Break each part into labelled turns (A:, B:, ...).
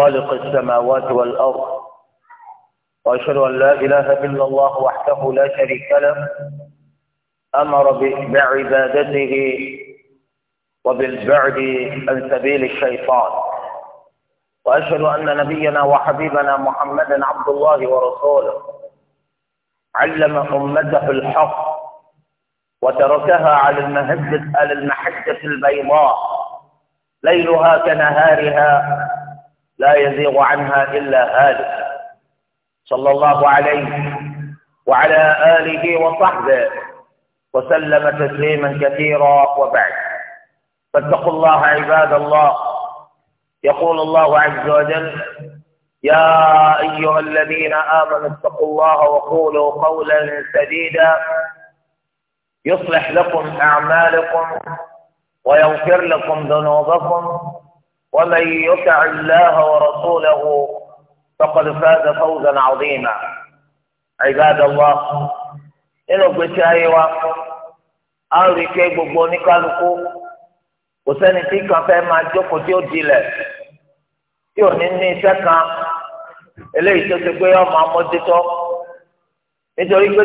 A: خالق السماوات والأرض وأشهد أن لا إله إلا الله وحده لا شريك له أمر بعبادته وبالبعد عن سبيل الشيطان وأشهد أن نبينا وحبيبنا محمدا عبد الله ورسوله علم أمته الحق وتركها على المهجة على المحجة البيضاء ليلها كنهارها لا يزيغ عنها إلا هالك صلى الله عليه وعلى آله وصحبه وسلم تسليما كثيرا وبعد فاتقوا الله عباد الله يقول الله عز وجل
B: يا أيها
A: الذين آمنوا اتقوا الله وقولوا قولا سديدا يصلح لكم أعمالكم ويغفر لكم ذنوبكم ومن يطع الله ورسوله فقد فاز فوزا عظيما عباد الله nínú na ayé a rí i pé gbogbo oníkálukú kò sẹ́ni tí kan fẹ́ máa jókòó tí ó dilẹ̀ tí ò ní ní iṣẹ́ kan eléyìí tó ti ọmọ amójútó nítorí pé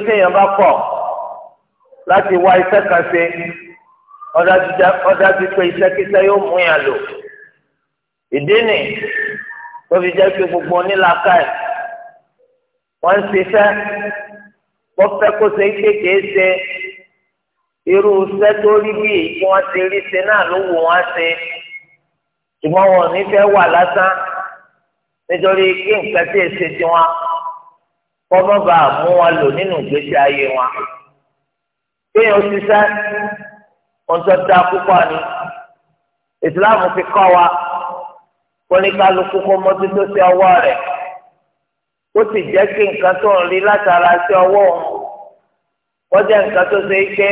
A: téèyàn ìdí nì tóbi jẹ́ pé gbogbo onílàkà ẹ̀ wọ́n ń ṣiṣẹ́ wọ́n fẹ́ kó ṣe ike kìí ṣe irú iṣẹ́ tó rí bí èyí tí wọ́n ti rí ṣe náà ló wù wọ́n ṣe ṣùgbọ́n wọn ò ní fẹ́ wà lásán nítorí kí nǹkan tí èsì tiwọn kọ́ mọ́ bá a mú wọn lò nínú ìgbésí ayé wọn. kéèyàn ṣiṣẹ́ ohun tó dáa púpọ̀ ni ìsìláàmù fi kọ́ wa kọ́níkálukú kó mójútó sí ọwọ́ rẹ̀ ó sì jẹ́ kí nǹkan tó ń rí látara sí ọwọ́ wọ́n jẹ́ nǹkan tó ṣe é pé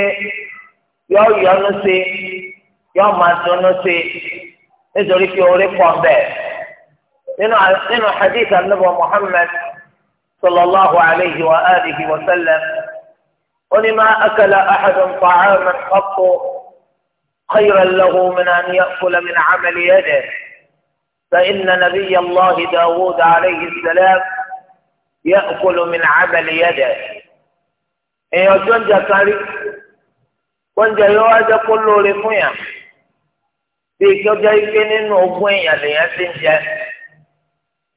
A: yọ yọnu sí yọ máa dùnnú sí nítorí pé orí pọ̀ ń bẹ̀. nínú hadith anábọ̀ Muhammad sallallahu alayhi wa alihi wa sallam ó ma akala ahadun ta'aman qattu khayran lahu min an ya'kula min amali yadihi. فإن نبي الله داود عليه السلام يأكل من عمل يده إن إيه يجون جاكاري كون جايو هذا كله لفويا بيكو جاي كنين وفويا لياسين جاي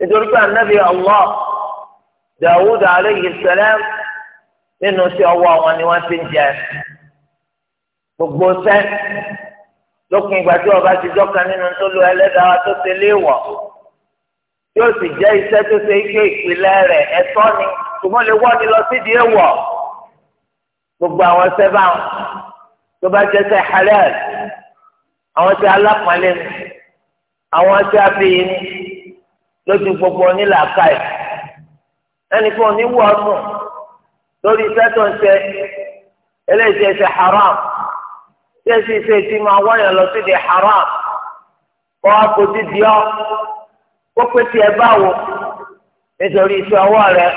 A: يدرك النبي الله داود عليه السلام إنه سيوا واني واسين جاي فقبوسين lópin ìgbà tí ọba ti dọ́kan nínú tó lo ẹlẹ́dàá tó ṣe léèwọ̀ tí ó sì jẹ́ iṣẹ́ tó ṣe ike ìpìlẹ̀ rẹ̀ ẹ̀tọ́ ni ṣùgbọ́n lè wọ́ ni lọ sídìí èèwọ̀ gbogbo àwọn sẹ́bà tó bá jẹ́ halal àwọn tí alápọ̀nlé ni àwọn tí abiyí ni lójú gbogbo onílàákàyè ẹnìkan oníwọ̀ ọdún lórí iṣẹ́ tó ń ṣe eléyìí ṣe haram yẹ́sì ṣe ti máa wáyà lọ sí di haram kọ́ akójú di ọ́ kó pé tí ẹ bá wò nítorí iṣẹ́ ọwọ́ rẹ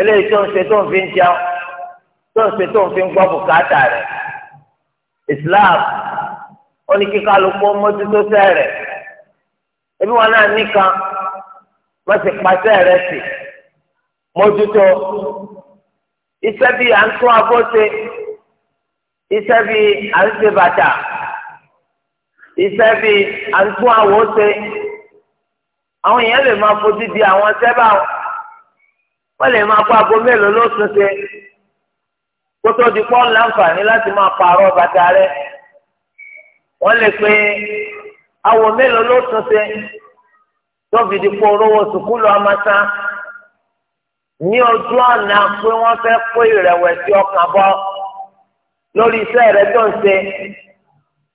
A: eléyìí tó ń ṣe tó ń fi ń jẹun tó ń ṣe tó ń fi ń gbọ́ bùkátà rẹ Islam ó ní kí kálukú mójútó sẹ́rẹ̀ ebi wọn náà nìkan wọ́n sì pàṣẹ rẹ sí mójútó iṣẹ́ bíi à ń tún abọ́ ṣe iṣẹ́ bíi à ń ṣe bàtà iṣẹ́ bíi à ń tún àwọ̀ ṣe àwọn èèyàn lè máa fojú di àwọn sẹ́bà wọ́n lè máa kó aago mélòó ló tún ṣe kó tó di pọ́n láǹfààní láti máa pààrọ̀ bàtà rẹ̀ wọ́n lè pe àwọ̀ mélòó ló tún ṣe tó fi di pọ́ orówó sùkúlù amásán ní ojú ọ̀nà pé wọ́n fẹ́ kó ìrẹ̀wẹ̀sì ọkàn bọ́. lórí iṣẹ́ rẹ tó ń ṣe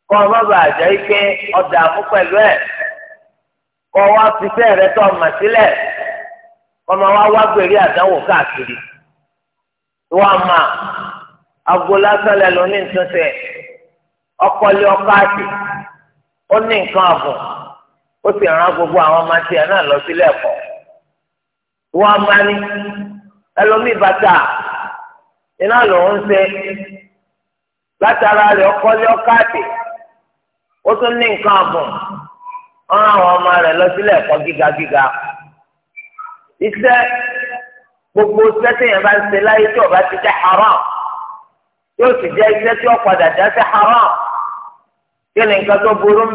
A: kọ́ ọ má bàa jẹ́ pé ọ̀dà mú pẹ̀lú ẹ̀ kọ́ wá fi iṣẹ́ rẹ tó ọmọ sílẹ̀ kọ́ wa wá gbèrè àdánwò káàkiri wọ́n á máa agbo lásán lẹ́nu ní ọkọ ó ní nǹkan ààbò ó sì rán gbogbo àwọn ọmọ tiẹ̀ náà lọ sílé látara rẹ̀ ọkọ́lé ọ̀káàdì ó tún ní nǹkan ọ̀bùn ọ̀ràn àwọn ọmọ rẹ̀ lọ sílẹ ẹ̀kọ́ gíga gíga. iṣẹ́ gbogbo sẹ́tìyàn bá ń ṣe láyé tí ọba ti jẹ́ haram tí ó sì jẹ́ iṣẹ́ tí ó padà já sí haram kí tó burú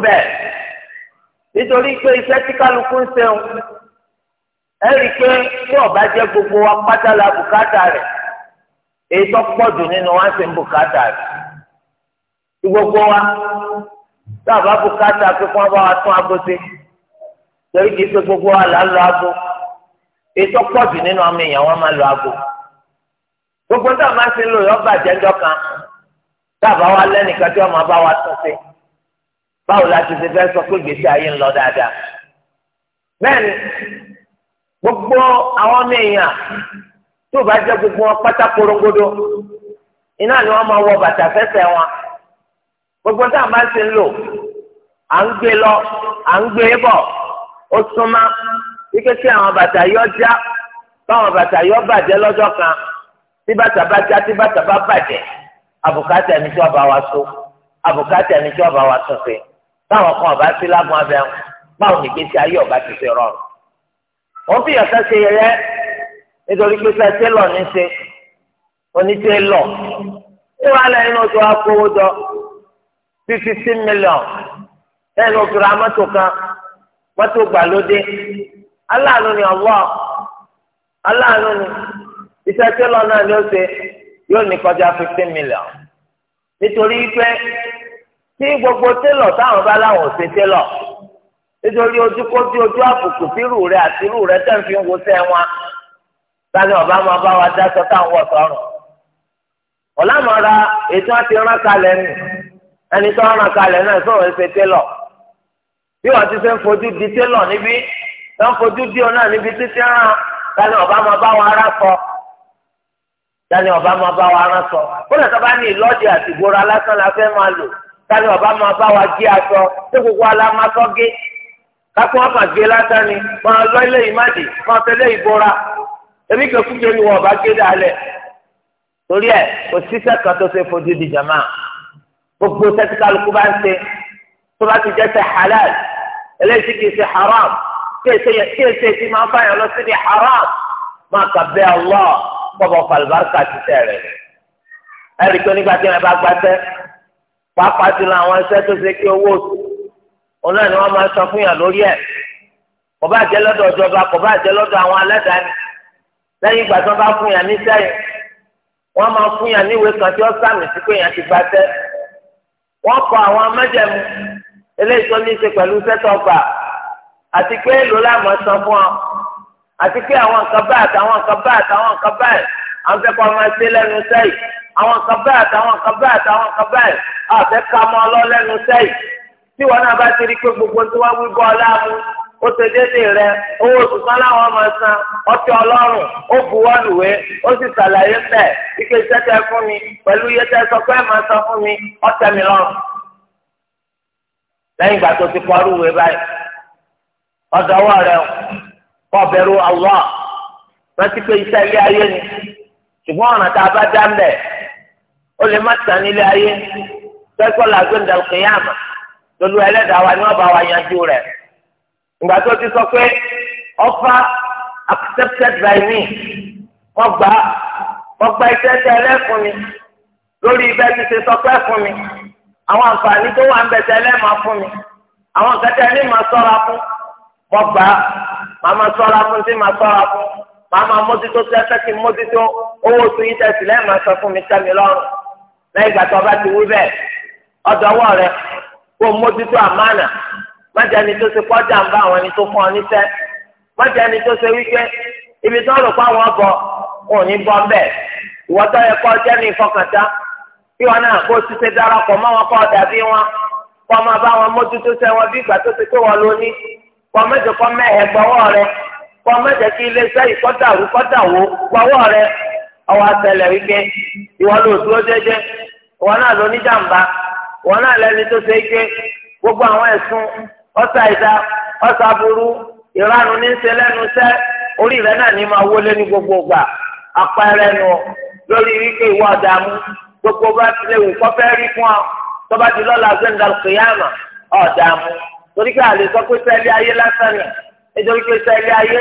A: gbogbo wa la bùkátà èyí tó pọ̀ jù nínú wa tí gbogbo wa
B: tá a bá bùkátà pé kí wọ́n bá wa tún aago
A: sí torí kìí ṣe gbogbo wa là ń lo aago ètò pọ̀jù nínú ọmọ èèyàn wọn máa lo aago gbogbo tá a máa ṣe lò yọ bàjẹ́ ńjọ kan tá a bá wa lẹ́nìkan tí wọ́n máa tún sí báwo la ti ṣe fẹ́ sọ pé ìgbésí ayé ń lọ dáadáa bẹ́ẹ̀ gbogbo àwọn ọmọ èèyàn tó bá jẹ́ gbogbo wọn pátá korongodo iná ni wọ́n máa wọ bàtà fẹ́sẹ̀ wọn gbogbo tá a máa ń ṣe ń lò à ń gbé lọ à ń gbé bọ̀ ó súnmá wípé kí àwọn bàtà yọ já báwọn bàtà yọ bàjẹ́ lọ́jọ́ kan tí bàtà bá já tí bàtà bá bàjẹ́ àbùkátà ẹni tí wọ́n bá wa so àbùkátà ẹni tí wọ́n bá wa tún báwọn kan ọba sí lágùn abẹ́ báwọn nìgbésí ayé ọba ti ṣe rọrùn. wọ́n fi ọ̀sẹ̀ ṣe yẹyẹ nítorí pé sẹ́ tẹ́lọ̀ ní ṣe oníṣẹ́ lọ. ìwà lẹ́yìn náà tó wá kówó jọ bíi fifteen million ẹ lọ tura mọ́tò kan mọ́tò gbàlódé aláàánú ni ọwọ́ aláàánú ni iṣẹ́ tí lọ náà ló ṣe yóò ní kọjá fifteen million nítorí pé tí gbogbo télọ̀ táwọn bá láwọn ṣe télọ̀ nítorí ojú kó bí ojú àbùkù fírù rẹ àti irú rẹ tẹ̀ ń fi wo sẹ́ wọn sani ọba máa bá wa dá sọ táwọn wọ̀ sọ́run ọ̀làmọ̀ra ètò àti rán kalẹ̀ nù ẹni tó rán kalẹ̀ náà sọ̀rọ̀ ẹsẹ̀ télọ̀ bí wọ́n ti fẹ́ fojú di télọ̀ níbí tó ń fojú di ọ náà níbi títí rán tani ọba máa bá wa rán sọ tani ọba máa bá wa rán sọ kódà tó bá ní ìlọ́dì àti ìgboro alásán la fẹ́ máa lò tani ọba máa bá wa gé aṣọ tó gbogbo alámasọ gé kakọ ọba gé lásán ni máa lọ ilé ìmáàdì máa fẹ́ lé ìbora èmi kẹ́kú jẹ́ ni wọ́n ọba gé dálẹ̀ torí ẹ̀ kò síṣẹ́ kan tó ṣe fojú di jàmáà gbogbo sẹ́tí kálukú bá ń ṣe tó bá ti jẹ́ ṣe halal eléyìí kì í ṣe haram kí èsè ti máa bá yàn lọ sí ní haram máa kà bẹ́ Allah bọ́bọ̀ falibarika ti tẹ̀ rẹ̀ ẹ̀rí pé nígbà tí wọ́n bá gbàtẹ́ pàápàá ti lọ àwọn iṣẹ́ tó ṣe kí owó òun náà ni wọ́n máa san fún yàn lórí ẹ̀ kò bá jẹ́ lọ́dọ̀ ìjọba kò bá jẹ́ lọ́dọ̀ àwọn aládàáni lẹ́yìn ìgbà tí wọ́n bá fún yàn níṣẹ́ yìí wọ́n máa fún yàn níwèé kan tí wọ́n sàmì sí pé yàn ti gbàtẹ́ wọ́n kọ àwọn amájẹ̀mú eléyìí tó ní í ṣe pẹ̀lú sẹ́tọ̀gbà àti pé èlò láàmú san fún ọ àti pé àwọn nǹkan báyìí àtàwọn nǹkan báyìí àtàwọn nǹkan báyìí àwọn fẹ́ kọ́ ọmọ ẹsẹ̀ lẹ́nu sẹ́yìn àwọn nǹkan báyìí àtàwọn nǹkan báyìí àtàwọn nǹkan báyìí àfẹ́ ká mọ́ ọ lọ lẹ́nu sẹ́yìn tí wọn náà bá ti rí pé gbogbo tí wọ́n wí bọ́ ọ láàmú ó ṣe déédéé rẹ owó ṣùgbọ́n láwọn máa san ọtí ọlọ́run ó buwọ́lùwé ó sì ṣàlàyé bẹ́ẹ̀ ike iṣẹ́ tẹ fún mi pẹ̀lú iye tẹ sọ pé san fún mi ọtẹ mi lọ́rùn. lẹ́yìn ìgbà tó ti pọ́ọ́rù wé báyìí ọ̀dọ́wọ́ rẹ kọ́ bẹ̀rù Allah rántí pé iṣẹ́ ilé ayé ni ṣùgbọ́n ọ̀nà tá a bá dá mbẹ̀ ó lè má tàn nílé ayé ẹlẹ́dàá ni wọ́n bá wa ìgbà tó ti sọ pé offer accepted by me wọ́n gbà wọ́n gba iṣẹ́ tẹ ẹlẹ́fun mi lórí ibẹ̀ ti ṣe sọpẹ́ fún mi àwọn àǹfààní tó wà ń bẹ̀ tẹ ẹlẹ́mà fún mi àwọn kẹtẹ ní màá sọ́ra fún wọ́n gbà màá máa sọ́ra fún tí màá sọ́ra fún màá máa mójútó tẹ́tẹ́ kí n mójútó owó oṣù yìí tẹ̀sí lẹ́ẹ̀ma sọ fún mi tẹ́mi lọ́rùn lẹ́yìn ìgbà tó ọba ti wí bẹ́ẹ̀ ọ̀dọ́wọ́ rẹ kó mójútó àmánà mọ̀jẹ̀ ni tó ṣe kọjá ń bá àwọn ẹni tó fún ọ níṣẹ́ mọ̀jẹ̀ ni tó ṣe wípé ibi tó rò fáwọn ọbọ wọn ò ní bọ́ bẹ́ẹ̀ ìwọ́tọ́ yẹ kọ́ jẹ́ ní ìfọkàntá bí wọn náà kó ṣiṣẹ́ darapọ̀ mọ́ wọn kọ́ dàbí wọn kọ́ máa bá wọn mójútó wọn bí ìgbà tó pé wọn rẹ kí rẹ wípé ìwọ ló dúró ìwọ náà jàǹbá ìwọ náà gbogbo àwọn ọ̀sà ìdá ọ̀sà burú ìranu ní ṣe lẹ́nu iṣẹ́ orí rẹ̀ náà ní máa wọlé ní gbogbo gbà apẹ̀rẹ̀ nù lórí wípé ìwọ ọ̀dààmú gbogbo bá ti lè wù kọ́fẹ́ rí fún ọ tọ́ba ti lọ́la gbẹ̀ngàn kìyàmà ọ̀dààmú torí pé àlè sọ pé sẹ́lẹ̀ ayé lásán ni nítorí pé sẹ́lẹ̀ ayé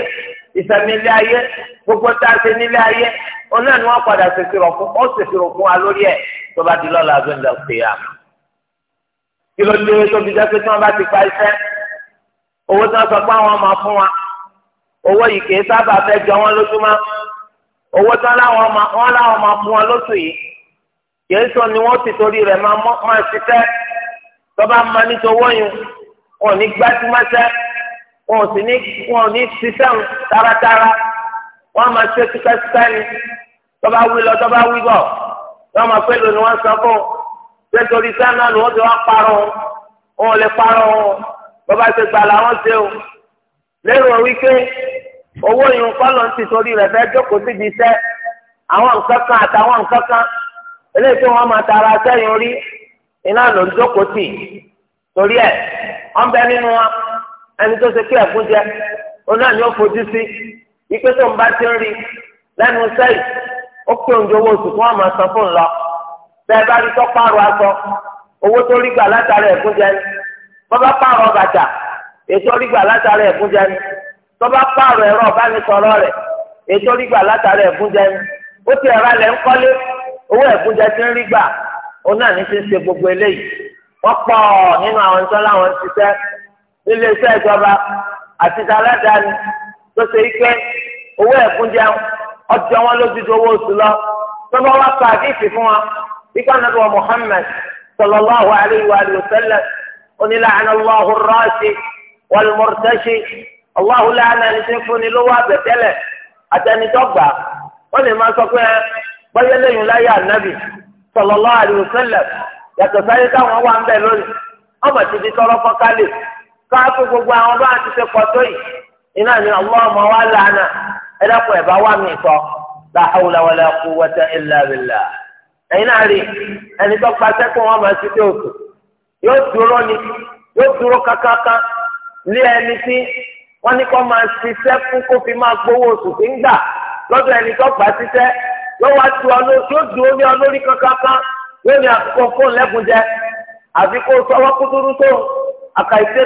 A: ìsẹ̀mí ilé ayé gbogbo tá a ṣe nílé ayé òun náà ni padà ṣèṣirò fún ó ṣèṣirò fún wa lórí ẹ̀ tọ́ba ti lọ́la gbẹ̀ngàn kìyàmà kí ló dé tóbi jẹ́ pé tí wọ́n bá ti pa iṣẹ́ owó tí wọ́n sọ pé àwọn máa fún wa owó yìí kìí sábà fẹ́ jọ wọ́n lójúmọ́ owó tí wọ́n láwọn máa fún wọn lóṣù yìí kìí sọ ni wọ́n ti torí rẹ̀ máa ṣiṣẹ́ tọ́ba máa ní sọ́wọ́ yìí wọn ò ní gbájúmọ́ṣẹ́ wọn ò sì ní wọn ò ní ṣiṣẹ́ taratara wọn máa ṣe tipẹ́tipẹ́ ni tọ́ba wí lọ tọ́ba wí bọ̀ wọn máa pẹ́ lónìí wọn sọ fún un pé torí sáà náà ni wọ́n ti wá parọ́ wọn ò lè parọ́ wọn. bọ́bá ṣe gbà làwọn ṣe o lérò wípé owó yìí ń kọ́ ló ń torí rẹ̀ fẹ́ jókòó síbi iṣẹ́ àwọn nǹkan kan àtàwọn nǹkan kan eléyìí tí tara sẹ́yìn orí iná ló ń jókòó tì torí ẹ̀ wọ́n bẹ nínú wa ẹni tó ṣe kí ẹ̀kú jẹ òun náà ni ó fojú sí wípé tó ń bá ti lẹ́nu sẹ́yìn ó oúnjẹ owó oṣù tí wọ́n fún lọ bẹ́ẹ̀ bá rí tọ́pọ̀ àrò aṣọ owó tó gbà bọ́bá pààrọ̀ bàtà ètò orígbà látara ẹ̀fúnjẹ ni tọ́ba pààrọ̀ ẹ̀rọ ọ̀bánisọ̀rọ̀ rẹ̀ ètò orígbà látara ẹ̀fúnjẹ ni ó ti ẹ̀rọ alẹ̀ ń kọ́lé owó ẹ̀fúnjẹ ti ń rí gbà òun náà ní ti ń ṣe gbogbo eléyìí wọ́n pọ̀ nínú àwọn ìtọ́ láwọn ti tẹ́ nílé iṣẹ́ ìjọba àti aládàáni tó ṣe ike owó ẹ̀fúnjẹ ọjọ́ wọn ló dúdú owó oṣù lọ tọ́ba wá pa àdéhìí fún wa ikú ànábì wa onílànà allahu rasi wàlmọ̀rọ̀tẹ́sì allahu lànà ẹni tí ń fúnni lówó àbẹ̀tẹ́lẹ̀ àtẹnidọ́gba wọ́n lè máa sọ pé bọ́yá lẹ́yìn láyé ànábì sallallahu alaihi wasallam yàtọ̀ sáyé táwọn wà ń bẹ̀ lónìí ọmọ ti di tọrọ gbogbo àwọn bá ti ṣe pọ̀ tó yìí ni allah ma la hawla wala quwwata illa billah ti yóò dúró ni yóò dúró kákáká lé ẹni tí wọn ní kó máa fún fi máa gbowó oṣù tí ń gbà lọ́dọ̀ ẹni tó gbà ṣiṣẹ́ yóò wá tu ọ yóò dúró ní ọ kákáká yóò ní àkókò fóun lẹ́kùn jẹ àfi kó tó àkàìṣe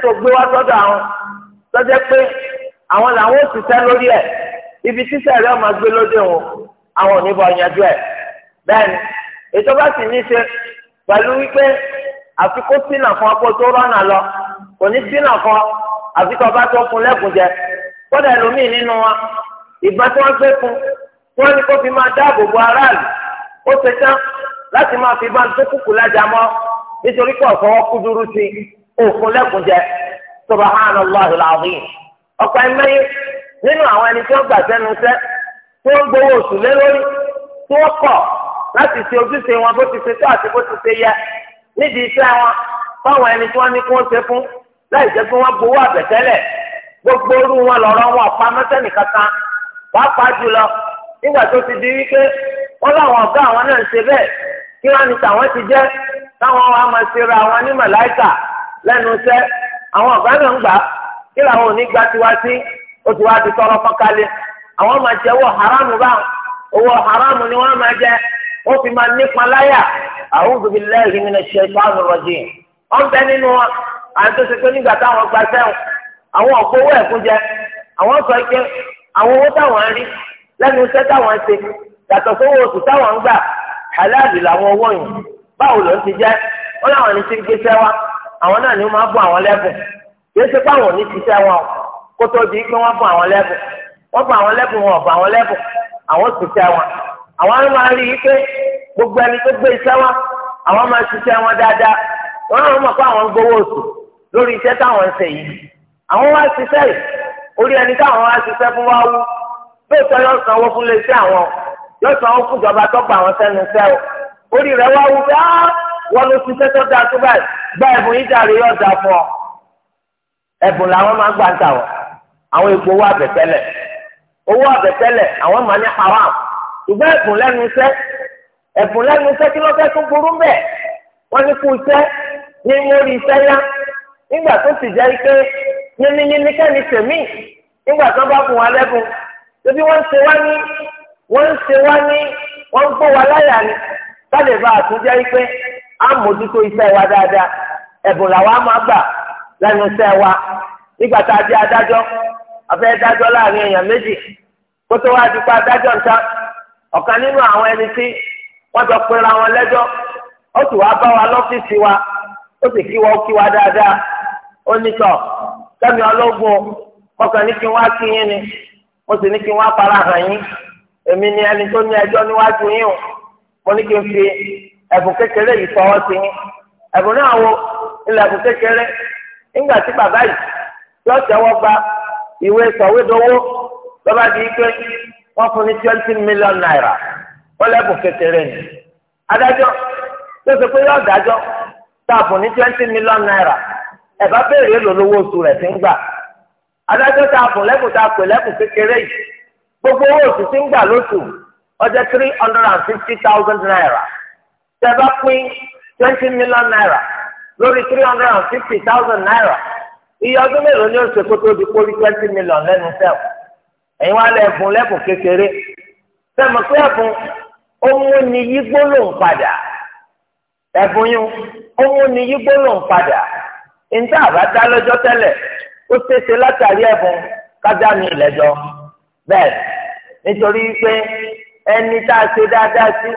A: tó ibi máa gbé lóde wọn àwọn ò ní pẹ̀lú wípé àfikún sínà fún ọkọ tó rọ́nà lọ kò ní sínà fún àfikún ọba tó fún lẹ́kùn jẹ kódà ẹlòmíì nínú wa ìgbà tí wọ́n gbé fún tí wọ́n ní kó fi máa dáàbò bo aráàlú ó ṣe tán láti máa fi máa tó kúkú lájà mọ́ nítorí pé ọ̀fọwọ́ kú dúró sí òfun lẹ́kùn jẹ subhanallah alazim ọ̀pọ̀ ẹ̀mẹ́yẹ nínú àwọn ẹni tí wọ́n gbà sẹ́nu sẹ́ tí wọ́n gbowó oṣù lé lórí tí wọ́n kọ̀ láti ṣe ojúṣe wọn bó ti ṣe tó àti bó ti ṣe yẹ nídìí iṣẹ́ wọn fáwọn ẹni tí wọ́n ní kí wọ́n ṣe fún láì jẹ́ pé wọ́n gbowó àbẹ̀tẹ́lẹ̀ gbogbo orú wọn lọ́rọ́ wọn pa mẹ́tẹ́nì kankan wàá pa jùlọ nígbà tó ti di wípé wọ́n láwọn ọ̀gá àwọn náà ṣe bẹ́ẹ̀ kí wọ́n ní tàwọn ti jẹ́ wa máa ṣe ra àwọn lẹ́nu àwọn ọ̀gá náà ń gbà wọ́n fi máa nípa láyà a'udhu billahi minash shaitanir rajim wọ́n bẹ nínú wọn àwọn tó ṣe pé nígbà táwọn gba sẹ́wọ̀n àwọn ọ̀pọ̀ owó ẹ̀kú jẹ àwọn sọ pé àwọn owó táwọn ń rí lẹ́nu iṣẹ́ táwọn ṣe yàtọ̀ oṣù táwọn ń gbà aláàbì làwọn owó yìí báwo ló ń ti jẹ́ wọ́n láwọn ní ti gbé sẹ́wà àwọn náà ni wọ́n máa bọ́ àwọn lẹ́bùn yóò ṣe ní ti kó àwọn máa rí i pé gbogbo ẹni tó gbé iṣẹ́ wa àwọn máa ṣiṣẹ́ wọn dáadáa wọn náà mọ̀ pé àwọn ń gbowó oṣù lórí iṣẹ́ táwọn ń ṣe yìí àwọn wá ṣiṣẹ́ orí ẹni táwọn wá ṣiṣẹ́ fún wa wú lóòótọ́ yóò sanwó fún àwọn yóò sanwó fún ìjọba tó gba o orí rẹ̀ wá wú pé wọn ló ṣiṣẹ́ tó tó gba ẹ̀bùn yìí dàrú yóò dáa fún ọ ẹ̀bùn làwọn máa gbà ń tà ṣùgbọ́n ẹ̀bùn lẹ́nu iṣẹ́ ẹ̀bùn lẹ́nu ise kí ló fẹ́ tún burú bẹ́ẹ̀ wọ́n ní kú iṣẹ́ ní mórí iṣẹ́ yá nígbà tó sì jẹ́ pé yínníyínní kẹ́ni tèmí nígbà tó bá fún wa lẹ́bùn tóbi wọ́n ń ṣe wá ní wọ́n ń ṣe wá ní wọ́n ń wa láyà ni sálẹ̀ bá àtúnjẹ́ pé á mójútó iṣẹ́ wa dáadáa ẹ̀bùn làwa máa gbà lẹ́nu iṣẹ́ wa nígbà tá a jẹ́ adájọ́ àfẹ́ adájọ́ láàrin èèyàn méjì kó ọ̀kan nínú àwọn ẹni tí wọ́n jọ pera wọn lẹ́jọ́ ó sì wá bá wa lọ́fíìsì wa ó sì kí o kí wa dáadáa ó ní sọ kẹ́mi ọkàn ní kí wọ́n á kí yín ni mo sì ní kí wọ́n á fara hàn yín èmi ni ẹni tó ní ẹjọ́ o mo ní kí n fi ẹ̀bùn kékeré yìí fọwọ́ sí yín ẹ̀bùn náà wo ilẹ̀ ẹ̀bùn kékeré nígbà tí bàbá yìí yóò tẹ́wọ́ gba ìwé wọ́n fún ní twenty million naira wọ́n lẹ́bùn kékeré ni adájọ́ tó ṣe pé yóò dájọ́ tá a fún ní twenty million naira ẹ̀ bá béèrè èlò lówó oṣù rẹ̀ ti ń gbà adájọ́ tá a fún lẹ́bùn tá a pè lẹ́bùn kékeré yìí gbogbo owó oṣù ti ń gbà lóṣù ó three hundred and fifty thousand naira tẹ́ bá pín twenty million naira lórí three hundred and fifty thousand naira iye ọdún mélòó ni ó ṣe kó tó di pórí twenty million lẹ́nu sẹ́wọ̀n ẹ̀yin wá lẹ́bùn lẹ́bùn kékeré sẹ́mi pé ẹ̀bùn ó mú ni yí gbólóhùn padà ẹ̀bùn yín ó mú ni yí gbólóhùn padà níta àbádá lọ́jọ́ tẹ́lẹ̀ ó ṣeéṣe látàrí ẹ̀bùn kájá mi lẹ́jọ́ bẹ́ẹ̀ nítorí pé ẹni tá a ṣe dáadáa sí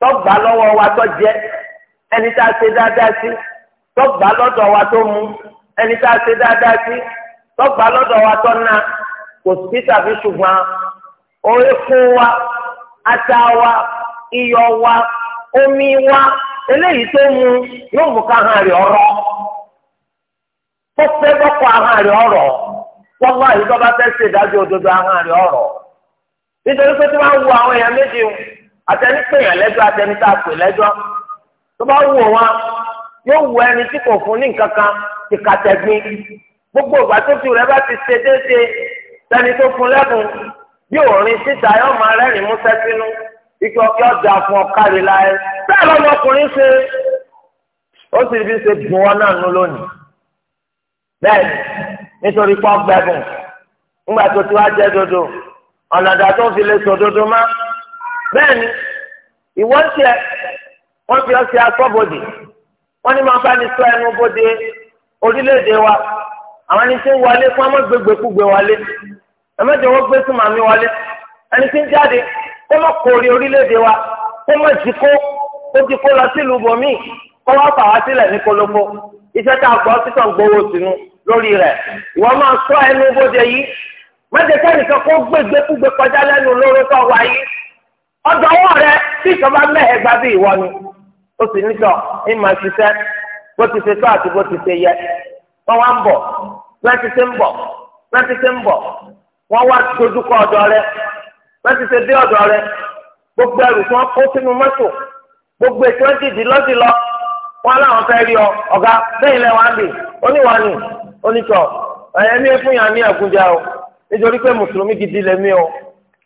A: tọ́gbà lọ́wọ́ wa tó jẹ́ ẹni tá a ṣe dáadáa sí tọ́gbà lọ́dọ̀ wa tó mú ẹni tá a ṣe dáadáa sí tọ́gbà lọ́dọ̀ wa tó ná. kò sí tàbí ṣùgbọ́n oríkún wa ata wa iyọ̀ wa omi wa eléyìí tó mu yóò mú ká hàn rí ọ̀rọ̀ kó fẹ́ bọ́kọ̀ hàn rí ọ̀rọ̀ wu àwọn èèyàn méjì
B: àtẹni pèèyàn àtẹni
A: tá a pè tó bá wù wọn yóò wù ẹni tí kò fún ní nǹkan gbogbo ìgbà tó ti rẹ bá ti sẹ́ni tó fún rin bí òrin síta yóò máa rẹ́rìn músẹ́ sínú ike ọkẹ́ ọjà fún ọ̀kárí láyé bẹ́ẹ̀ lọ́mọkùnrin ṣe ó sì fi ṣe dùn ọ́ náà nú lónìí bẹ́ẹ̀ nítorí pọ́ ńgbà tó ti dodo ọ̀nàdà tó fi lè sọ dodo má bẹ́ẹ̀ ni ìwọ́n tiẹ̀ wọ́n fi ọṣẹ asọ́bodè wọ́n ní máa bá ní sọ ẹnu orílẹ̀-èdè wa àwọn ẹni tí ń wọlé fún ẹ̀mẹ́jọ wọ́n gbé súnmọ́ mi wọlé ẹni tí ń jáde kó mọ̀ kórè orílẹ̀-èdè wa kó mọ̀ jìkó kó jìkó lọ sí ìlú bòmí kó wá fà wá sílẹ̀ ní kólóbó iṣẹ́ tá a gbọ́ títàn gbowó sínú lórí rẹ̀ ìwọ máa sọ ẹnu bóde yìí mẹ́tẹ̀ẹ̀tẹ̀ nìkan kó gbégbé kúgbé kọjá lẹ́nu lóró tó wá yìí ọ̀dọ̀ ọwọ́ rẹ tí ìjọba mẹ́hẹ̀ẹ́gbá bí ìwọ ni ó sì nítọ̀ ní màá ṣiṣẹ́ bó ti ṣe tó àti bó ti ṣe yẹ wọ́n wá ń bọ̀ wọ́n wá dojúkọ ọ̀dọ̀ rẹ wọ́n ti ṣe dé ọ̀dọ̀ rẹ gbogbo ẹrù tí wọ́n kó sínú mọ́tò gbogbo ètò ẹ̀ dìdí lọ́dìlọ́ wọn làwọn fẹ́ rí ọ ọ̀gá bẹ́ẹ̀ lẹ́wọ̀ á bì oníwàní onítọ̀ ẹ̀mí fún yàn ní ẹ̀gúnjẹ o nítorí pé mùsùlùmí gidi lẹ́mí o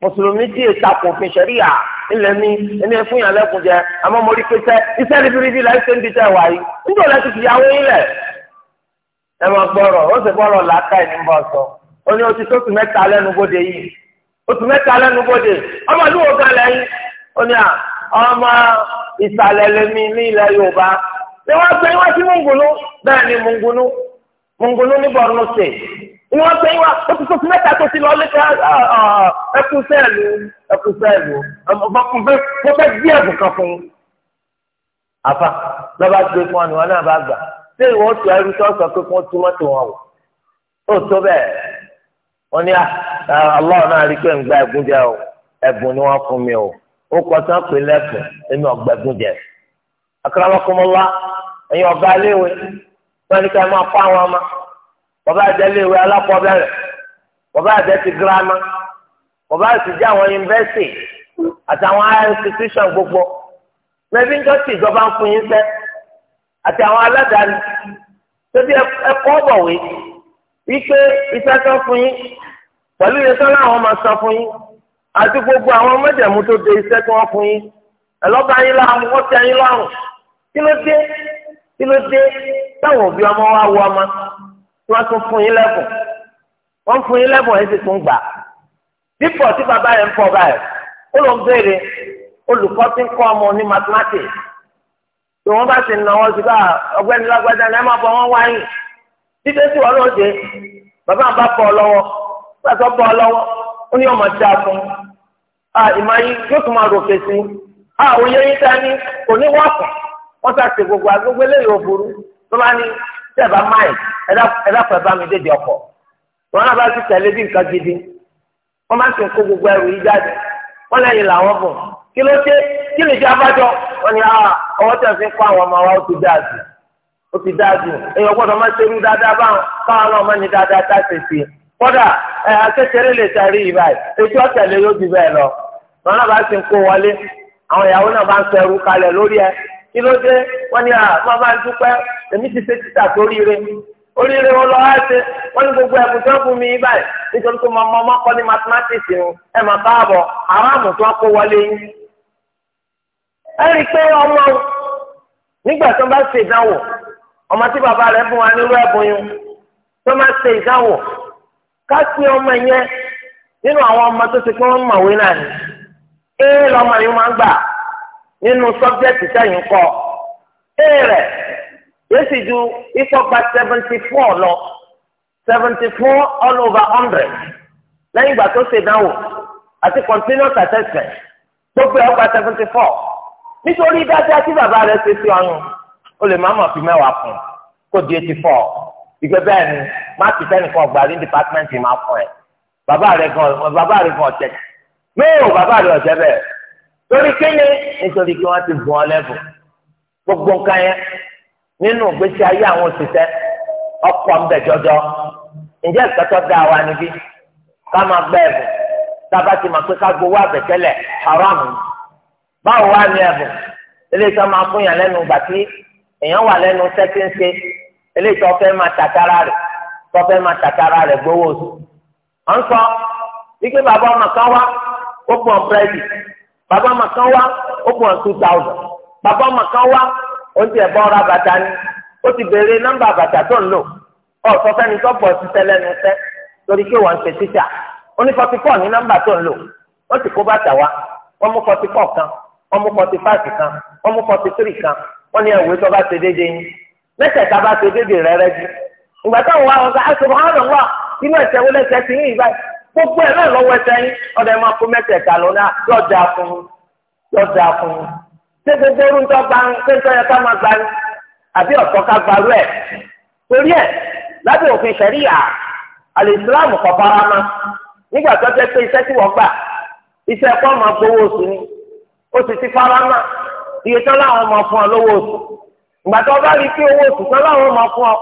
A: mùsùlùmí tí èta kò fi ṣẹ̀ríyà ńlẹ́mí ẹ̀mí fún yàn lẹ́kúnjẹ àmọ́ mo rí pé tẹ́ iṣẹ́ ribiribi la ṣe ń di tẹ́ wá yìí nítorí ẹ ti fi yàwó yín lẹ̀ ẹ máa gbọ́rọ̀ ó sì gbọ́rọ̀ làákà ẹ̀ ní bọ́ sọ ó ní oṣù tó tù mẹ́ta lẹ́nu bóde yìí oṣù mẹ́ta lẹ́nu bóde ọmọ ìlú wo gan lẹ́yìn ó ní à ọmọ ìsàlẹ̀ lèmi ní ilẹ̀ Yorùbá ni wọ́n gbé wá sí mungunu bẹ́ẹ̀ ni mungunu mungunu ní Borno state ni wọ́n gbé wá oṣù tó tù mẹ́ta tó ti lọ lé ká ẹkú sẹ́ẹ̀lù ẹkú sẹ́ẹ̀lù mo fẹ́ gbé ẹ̀bùn kan fún un àfa lọ́ba gbé fún ọ ni wọn náà bá gbà ṣé ìwọ́n tu ẹrú tó sọ pé kí wọ́n tú mọ́tò wọn wò ó tó bẹ́ẹ̀ wọ́n ní ah, ah, Allah náà rí pé ń gba ẹ̀gún jẹ o ẹ̀bùn ni wọ́n fún mi o ó kọ sán pé lẹ́kùn èmi ọ̀gbẹ́gún jẹ. akramakumullah ẹ̀yin ọ̀gá iléèwé wọ́n ní ká máa kọ́ àwọn ọmọ bàbá àjẹ́ iléèwé alákọ̀ọ́bẹ̀rẹ̀ bàbá àjẹ́ ti girama bàbá àti jẹ́ àwọn yunifásitì àtàwọn institution gbogbo mẹ́bí ń tọ́sí ìjọba ń fún yín sẹ́ àti àwọn aládàáni tóbi ẹ̀kọ́ ọ̀bọ̀wé ipe ìtẹ́tọ́ fún yín pẹ̀lú iṣẹ́ láwọn máa san fún yín àti gbogbo àwọn mẹ́jẹ̀mú tó de iṣẹ́ tí wọ́n fún yín ẹ̀lọ́ba yín láàmú wọ́n ti ẹyin láàrùn kí ló dé kí ló dé táwọn òbí ọmọ wa wọ ọmọ tí wọ́n tún fún yín lẹ́bùn wọ́n fún yín lẹ́bùn ẹ̀ sì tún gbà dípò tí bàbá yẹn ń fọ báyìí ó ló ń béèrè olùkọ́ tí ń kọ́ ọmọ ní mathematics tí wọ́n bá ti nà wọ́n sí bá ọgbẹ́ni lágbájá ni ẹ má bọ wọ́n dídé tí wọn lọ́ọ́ dé bàbá àbá bọ́ ọ lọ́wọ́ nígbà tó ọ lọ́wọ́ ó ní ọmọ tí a fún a ìmọ̀ yìí yóò tún máa ròkè sí i a òye yín ta ni kò ní wọ́pọ̀ wọ́n sá ti gbogbo agbègbè lẹ́yìn òfurú tó bá ní tẹ̀bá máì ẹ̀dàpọ̀ ẹ̀bá mi dédé ọkọ̀ wọn náà bá ti tẹ̀lé bí nǹkan gidi wọ́n máa ń sìn kó gbogbo ẹrù yìí jáde
B: wọ́n lẹ́yìn làwọn bọ̀
A: kí ló dé kí lè jẹ́ abájọ wọ́n ní ọwọ́ tẹ̀ fi kó àwọn ọmọ wa ó ti dá àgbẹ̀ ó ti dáa jù èèyàn gbọ́dọ̀ máa ṣerú dáadáa báwọn báwọn náà máa ní dáadáa tá a ṣe sí i kódà ẹ akékeré lè tarí ìbá ẹ ètò ọ̀tẹ̀lẹ̀ yóò di bẹ́ẹ̀ lọ wọn náà bá ti ń kó wọlé àwọn ìyàwó náà bá ń sẹrú kalẹ̀ lórí ẹ kí ló dé wọn ni àwọn máa ń dúpẹ́ èmi ti ṣe títà torí rẹ oríire wọn lọ wá ṣe wọn ní gbogbo ẹkùn tó fún mi báyìí nítorí pé mo mọ kọ́ ní mathematics ni ẹ máa bá àbọ̀ aráàmù tó kó wọlé yín. ẹ rí i pé ọmọ nígbà tó bá ṣèdánwò ọmọ tí bàbá rẹ̀ fún wa nírú ẹ̀bùn yìí tó máa ṣe ìdáwò ká sí ọmọ yẹn nínú àwọn ọmọ tó ti pé wọ́n mọ̀wé náà ni ee lọmọ yìí máa ń gbà nínú sọ́bjẹ́tì sẹ́yìn kọ́ ee rẹ̀ yóò sì ju ìfọ̀gbà seventy four lọ seventy four all over hundred lẹ́yìn ìgbà tó ṣe ìdánwò àti continuous assessment gbogbo ẹ̀ ọgbà seventy four nítorí dáadáa tí bàbá rẹ̀ ṣe sí ọrùn ó lè máa mọ̀ fi mẹ́wàá fún kó di eighty four ìgbẹ́ bẹ́ẹ̀ ni máàkì sẹ́nìkan gbà ní dìpátímẹ́ǹtì máa fún ẹ̀ bàbá rẹ̀ gan bàbá rẹ̀ gan ọ̀tẹ̀ yóò bàbá rẹ̀ ọ̀tẹ̀ bẹ́ẹ̀ torí kíni nítorí kí wọ́n ti gùn ọ lẹ́bùn gbogbo nǹkan yẹn nínú ìgbésí ayé àwọn òṣìṣẹ́ ọkọ̀ ń bẹ̀ jọjọ ǹjẹ́ ìtọ́tọ́ dá wa níbí ká máa gbẹ́ ẹ̀bùn tába ti máa pé ká gbowó àbẹ̀tẹ́lẹ̀ haram báwo wá ní ẹ̀bùn eléyìí tó máa fún yàn lẹ́nu ìgbà èèyàn wà lẹ́nu sẹ́kínṣe eléyìí tó fẹ́ máa tàkárà rẹ̀ tó fẹ́ máa tàkárà rẹ̀ gbowó oṣù. à ń sọ wípé bàbá ọmọ kan wá ó bù ọ̀n bàbá ọmọ kan wá ó bù two thousand bàbá ọmọ kan wá ó ti ẹ̀bọ́ ra bàtà ni ó ti béèrè nọ́mbà bàtà tó ń lò ọ̀ sọ fẹ́ni tó pọ̀ ṣiṣẹ́ lẹ́nu sẹ́ torí pé wọ́n ń ṣe tíṣà ó ní forty four ní nọ́mbà wọ́n ni ẹ̀wé tó bá ṣe déédéé yín mẹ́tẹ̀ẹ̀ta bá ṣe déédéé rẹ̀ rẹ̀ jù ìgbà táwọn wá wọn ká ah, inú ẹsẹ̀ wọlé ẹsẹ̀ ti yín ìbáyìí gbogbo ẹ̀ náà lọ́wọ́ ẹsẹ̀ yín máa lọ náà ṣé gbogbo orun tó gba ṣé ń ká máa gba ni àbí ká torí lábẹ́ òfin àlè nígbà tó iye tán láwọn máa fún ọ lówó oṣù ìgbà tó bá rí pé owó oṣù tán láwọn máa fún ọ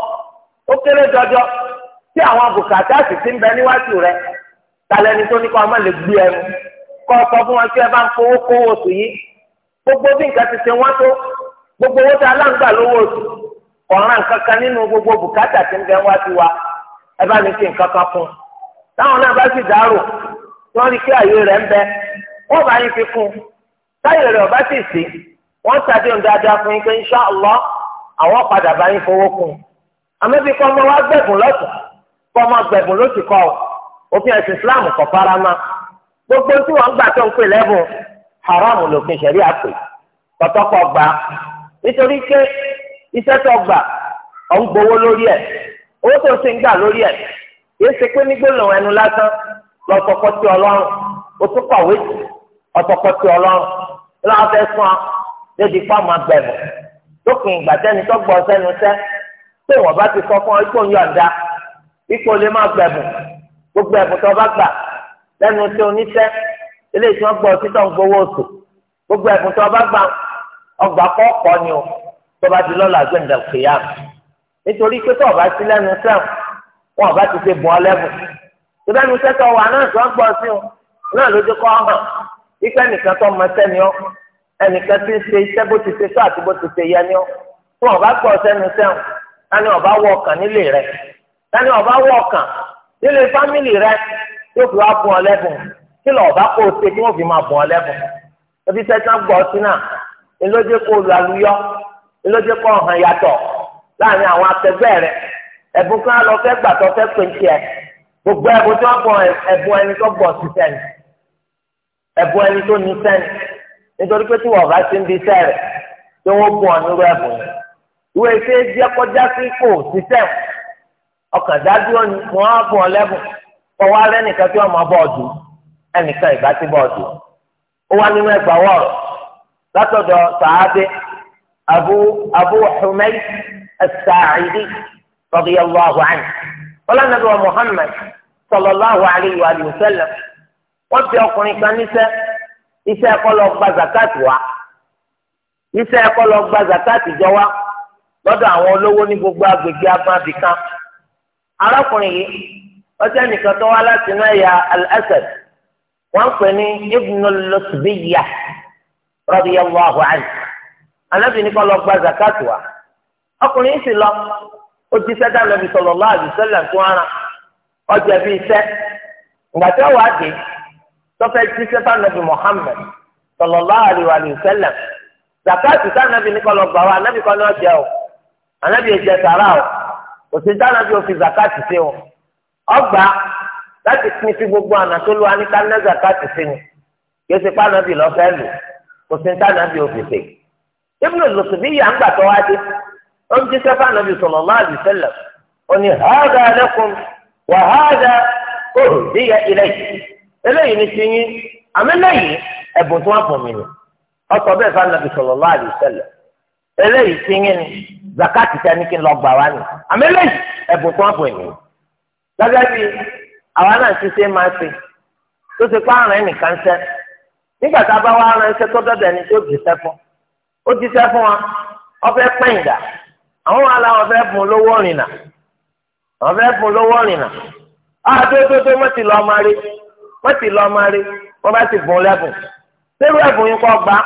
A: ó kéré jọjọ tí àwọn bùkátà sì ti ń bẹ níwájú rẹ talẹni tó ní kó ọmọ lè gbé ẹnu kó ọkọ fún wọn tí ẹ bá ń fowó kówó oṣù yìí gbogbo bí nǹkan ti ṣe wọn tó gbogbo owó tá a láǹgbà lówó oṣù ọ̀ràn kankan nínú gbogbo bùkátà ti ń bẹ wájú wa ẹ bá ní kí nǹkan kan fún un táwọn náà bá sì dárò tí wọ́n rí kí àyè rẹ̀ ń bẹ wọ́n bá yín fi kún un táyè rẹ̀ ọ̀bá sì sí wọ́n ṣàdéhùn dáadáa fún yín pé insha Allah àwọn padà bá yín fowó kún un àmọ́bí kọ́ ọmọ wa gbẹ̀bùn lọ́sùn kọ́ ọmọ gbẹ̀bùn lóṣù kọ́ ọ òfin ẹ̀sìn Islam kò fara mọ́ gbogbo tí wọ́n gbà tó ń pè lẹ́bùn haram lòfin ṣẹ̀rí àpè kọ́tọ́kọ́ gbà nítorí pé iṣẹ́ tó gbà ọ̀ ń gbowó lórí ẹ̀ owó tó ń ṣe ń gbà lórí ẹ̀ yéé ṣe pé nígbòlòhùn ẹnu lásán lọ́sọ̀kọ́ tí ọlọ́run o tún kọ̀wé ọ̀sọ̀kọ́ tí ọlọ́run láwọn fẹ́ fún ọ débi pa ọmọ abẹ́bọ̀ lópin ìgbà tẹ́ni tó gbọ́ sẹ́nu sẹ́ pé wọ́n bá ti sọ fún ọ ipò yọ̀ǹda ipò lè má gbẹ̀bùn gbogbo ẹ̀bùn tó bá gbà lẹ́nu tí oníṣẹ́ eléyìí tí wọ́n gbọ́ títọ̀ ń gbowó oṣù gbogbo ẹ̀bùn tó bá gbà ọgbà kọ́ọ̀kọ́ ni o tó bá ti lọ́la gbẹ̀ǹdà kìyàm nítorí pé tó bá sí lẹ́nu sẹ́m wọn bá ti ṣe bùn ọ lẹ́bùn tó lẹ́nu sẹ́tọ̀ wà náà tí wọ́n gbọ́ sí o náà lójú kọ́ ẹnìkan ti ń ṣe iṣẹ́ bó ti ṣe tó àti bó ti ṣe yẹ ni ó tí wọn bá gbọ́ sẹ́nu sẹ́wọ̀n tani ọba wọ ọkàn nílé rẹ tani ọba wọ ọkàn nílé fámìlì rẹ yóò fi wá bùn ọ lẹ́bùn kí lọ ọba kó o ṣe tí wọ́n fi máa bùn ọ lẹ́bùn ebi tẹ́tàn gbọ́ sí náà ńlọ́dẹ kó o lu àlùyọ ńlọ́dẹ kó o hàn yàtọ̀ láàrin àwọn akẹgbẹ́ rẹ ẹ̀bùn kan lọ fẹ́ gbàtọ́ fẹ́ pè ń tiẹ̀ gbogbo ẹ̀bùn tí wọ́n bọ̀ ẹ̀bùn ẹni tó bọ̀ sí sẹ́ni ẹ̀bùn ẹni tó ní sẹ́ni nítorí pé tí wọn bá ti ń di iṣẹ́ rẹ̀ tí wọn gún ọ nírú ẹbùn yẹn ìwé ṣe é jẹ kọjá sí kò ṣiṣẹ́ ọkàn dájú ọni wọn á gún ọ lẹ́bùn kọ wá rẹnìkan tí wọn máa bọ ọdún ẹnìkan ìbá ti bọ ọdún ó wá nínú ẹgbà wọrọ látọ̀dọ̀ sàádé abu abu humayd as-sa'idi radiyallahu anhu wala nabi wa muhammad sallallahu alayhi wa sallam wọn fi ọkùnrin kan níṣẹ́. iṣẹ́ ẹ̀kọ́ lọ gba zakati wa iṣẹ́ ẹ̀kọ́ lọ gba zakati jọ wa lọ́dọ̀ àwọn olówó ní gbogbo agbègbè agbábi arákùnrin yìí ọjọ́ nìkan tó wá láti náà ya al-Asad wọ́n pè ní ibnu lọ́sibíyà radiyallahu anhu anábì ní lọ gba zakati wa ọkùnrin yìí lọ ó ti sẹ́dá tó ọjà bíi
B: sẹ́
A: tọ́fẹ́ jíṣẹ́ bá nàbì Muhammad sallallahu alaihi wa sallam zakati sànàbì ní kọlọ gbà wá ànàbì kọ́ ní ọ̀jẹ̀ o ànàbì èjẹ sàrà o òsì sànàbì òfin zakati sí o ọgbà láti pín sí gbogbo àná tó lu aníkà ní zakati sí ni yóò ti pa ànàbì lọ́fẹ́ lò òsì sànàbì òfin sí i ibùdó lòsùbí yà ń gbà tó wájú ó ń jíṣẹ́ fànàbì sallallahu alaihi wasallam ó ní hàdà lakum wà hàdà eléyìí ni ti àmì lẹ́yìn ẹ̀bùn tí wọ́n fún mi ni ọsọ bẹ́ẹ̀ fún anabi sallallahu eléyìí ni zakati tẹ́ kí n lọ gbà wá ni àmì lẹ́yìn ẹ̀bùn tí wọ́n fún mi ni gẹ́gẹ́ bí àwa náà ti ṣe máa ṣe tó ṣe pé àrùn ẹnìkan nígbà tá a bá wá àrùn tó tó fún ó fún wa wọ́n sì lọ ọmọ rẹ wọ́n bá sì bùn lẹ́bùn sẹ́rù ẹ̀bùn yín kọ́ gbà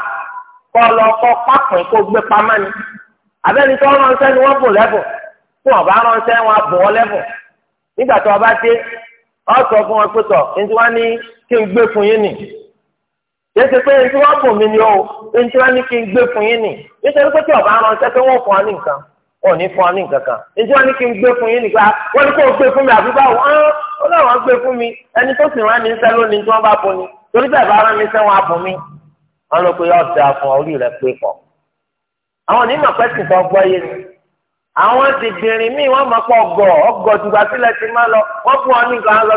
A: kọ́ lọ kọ́ pápín kó gbé pamọ́ ni àbẹ́ni tó ránṣẹ́ ni wọ́n bùn lẹ́bùn tí wọ́n bá ránṣẹ́ wọn bùn ọ lẹ́bùn nígbà tó o bá dé ọ sọ fún wọn pé tọ̀ ntí wọ́n ní kí n gbé fún yín nì yéésì pé ntí wọ́n bùn mí ni o ntí wọ́n ní kí n gbé fún yín nì nítorí pé tí o bá ránṣẹ́ pé wọ́n fún ọ ní nǹkan wọn ò ní fún ọ ní nǹkan kan ntí wọ́n ní kí n gbé fún yín nì ah, wọ́n ní kó o gbé fún mi àbí báwo ọ́n ó láwọn gbé fún mi ẹni tó sì rán mi lónìí tí wọn bá bù torí bẹ́ẹ̀ bá rán mi wọn á mí wọn ló pe ọ̀sẹ̀ afọ orí rẹ̀ pé pọ̀ àwọn onímọ̀ pẹ́sì tó gbọ́ yé ni àwọn ti bìnrin míì wọ́n mọ̀ pọ̀ ọgọ̀ ti má lọ fún ọ ní nǹkan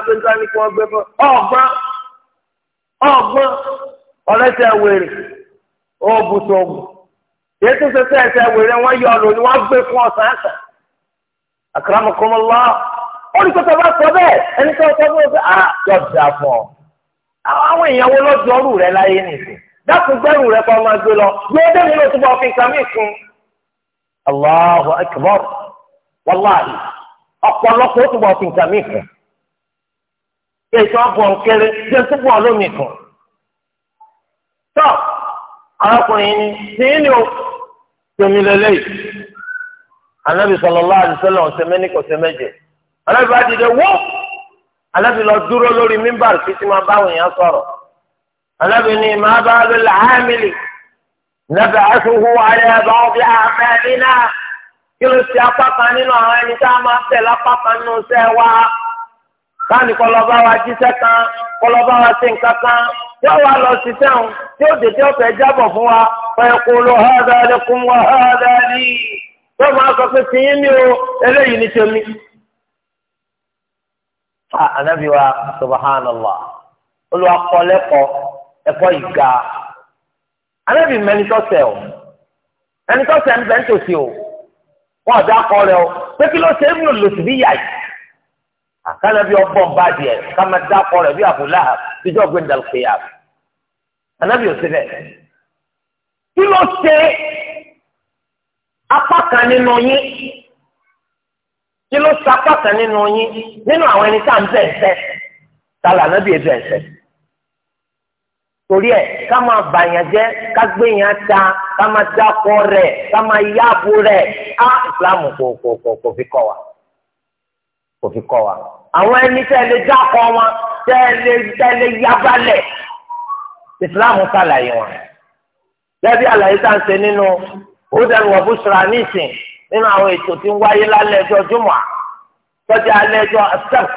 A: tó ń gbé fún ọgbọ́n ọgbọ́n ọlẹ́sẹ̀ wèrè wèrè wọ́n yọ oriko ní bá sọ bẹ́ẹ̀ ẹni tó sọ fún mi pé ah yọ ọ àwọn èèyàn wo lọ́jọ́ rẹ láyé nìsín dákun gbẹ́rù rẹ kọ́ máa gbé lọ gbé dé mi ló túbọ̀ fi kàmí kun Allahu akbar ọ̀pọ̀lọpọ̀ ó túbọ̀ fi kàmí kun jẹ́ túbọ̀ lómi kun tọ́ arákùnrin ni ní o lélẹ́yìí alábì bá dìde wó alábì lọ dúró lórí mímbàrú títí máa báwọn èèyàn sọ̀rọ̀
B: alábì ní màá bá làámìlì
A: nàbẹ ayé bá bí àmẹ́lì náà kí ló ti nínú àwọn ẹni tá a máa tẹ̀ lápá nínú sẹ́ wa káàní kọlọ́ba wa jíṣẹ́ kan kọlọ́ba wa ṣe nǹkan kan tí ó wà lọ sí sẹ́wọ̀n tí ó ọ̀fẹ́ jábọ̀ fún wa pẹ̀kú ló tó máa sọ pé ni o eléyìí ni tèmi. anabi ah, wa subhanallah olùwàkọ lẹkọ ẹkọ ìga anabi mẹnitọsẹ o mẹnitọsẹ ń bẹ nítòsí o wọn ọdọ akọ rẹ o pé kí ló ṣe ibùdó lòsì bí yá yìí àkànnàbí ọgbọ́n bá díẹ̀ kàmá dá akọ rẹ bí abúláhà tíjọ gbẹndàl kéyà anabi ò sí bẹ se ló ṣe apá kan nínú yín kí ló sapá kan nínú yín nínú àwọn ẹni tá à ń bẹ̀ ẹ̀sẹ̀ tá a là nábì ẹ̀bẹ̀ ẹ̀sẹ̀ torí ẹ ká máa bàyàn jẹ́ ká gbéyàn ta ká máa dákọ rẹ̀ ká máa yáàbò rẹ̀ á ìsìlámù kò kò kò kò fi kọ́ wa kò fi kọ́ wa àwọn ẹni tẹ́ lè dákọ wọn tẹ́ lè tẹ́ lè yábálẹ̀ ìsìlámù sàlàyé wọn gẹ́gẹ́ àlàyé tá à ń ṣe nínú ó dẹnu wọ̀ bó sọ̀rọ̀ àníṣìn nínú àwọn ètò tí ń wáyé lálẹ́ ẹjọ́ jùmọ̀ tọ́jú alẹ́ ẹjọ́ ẹsẹ̀f.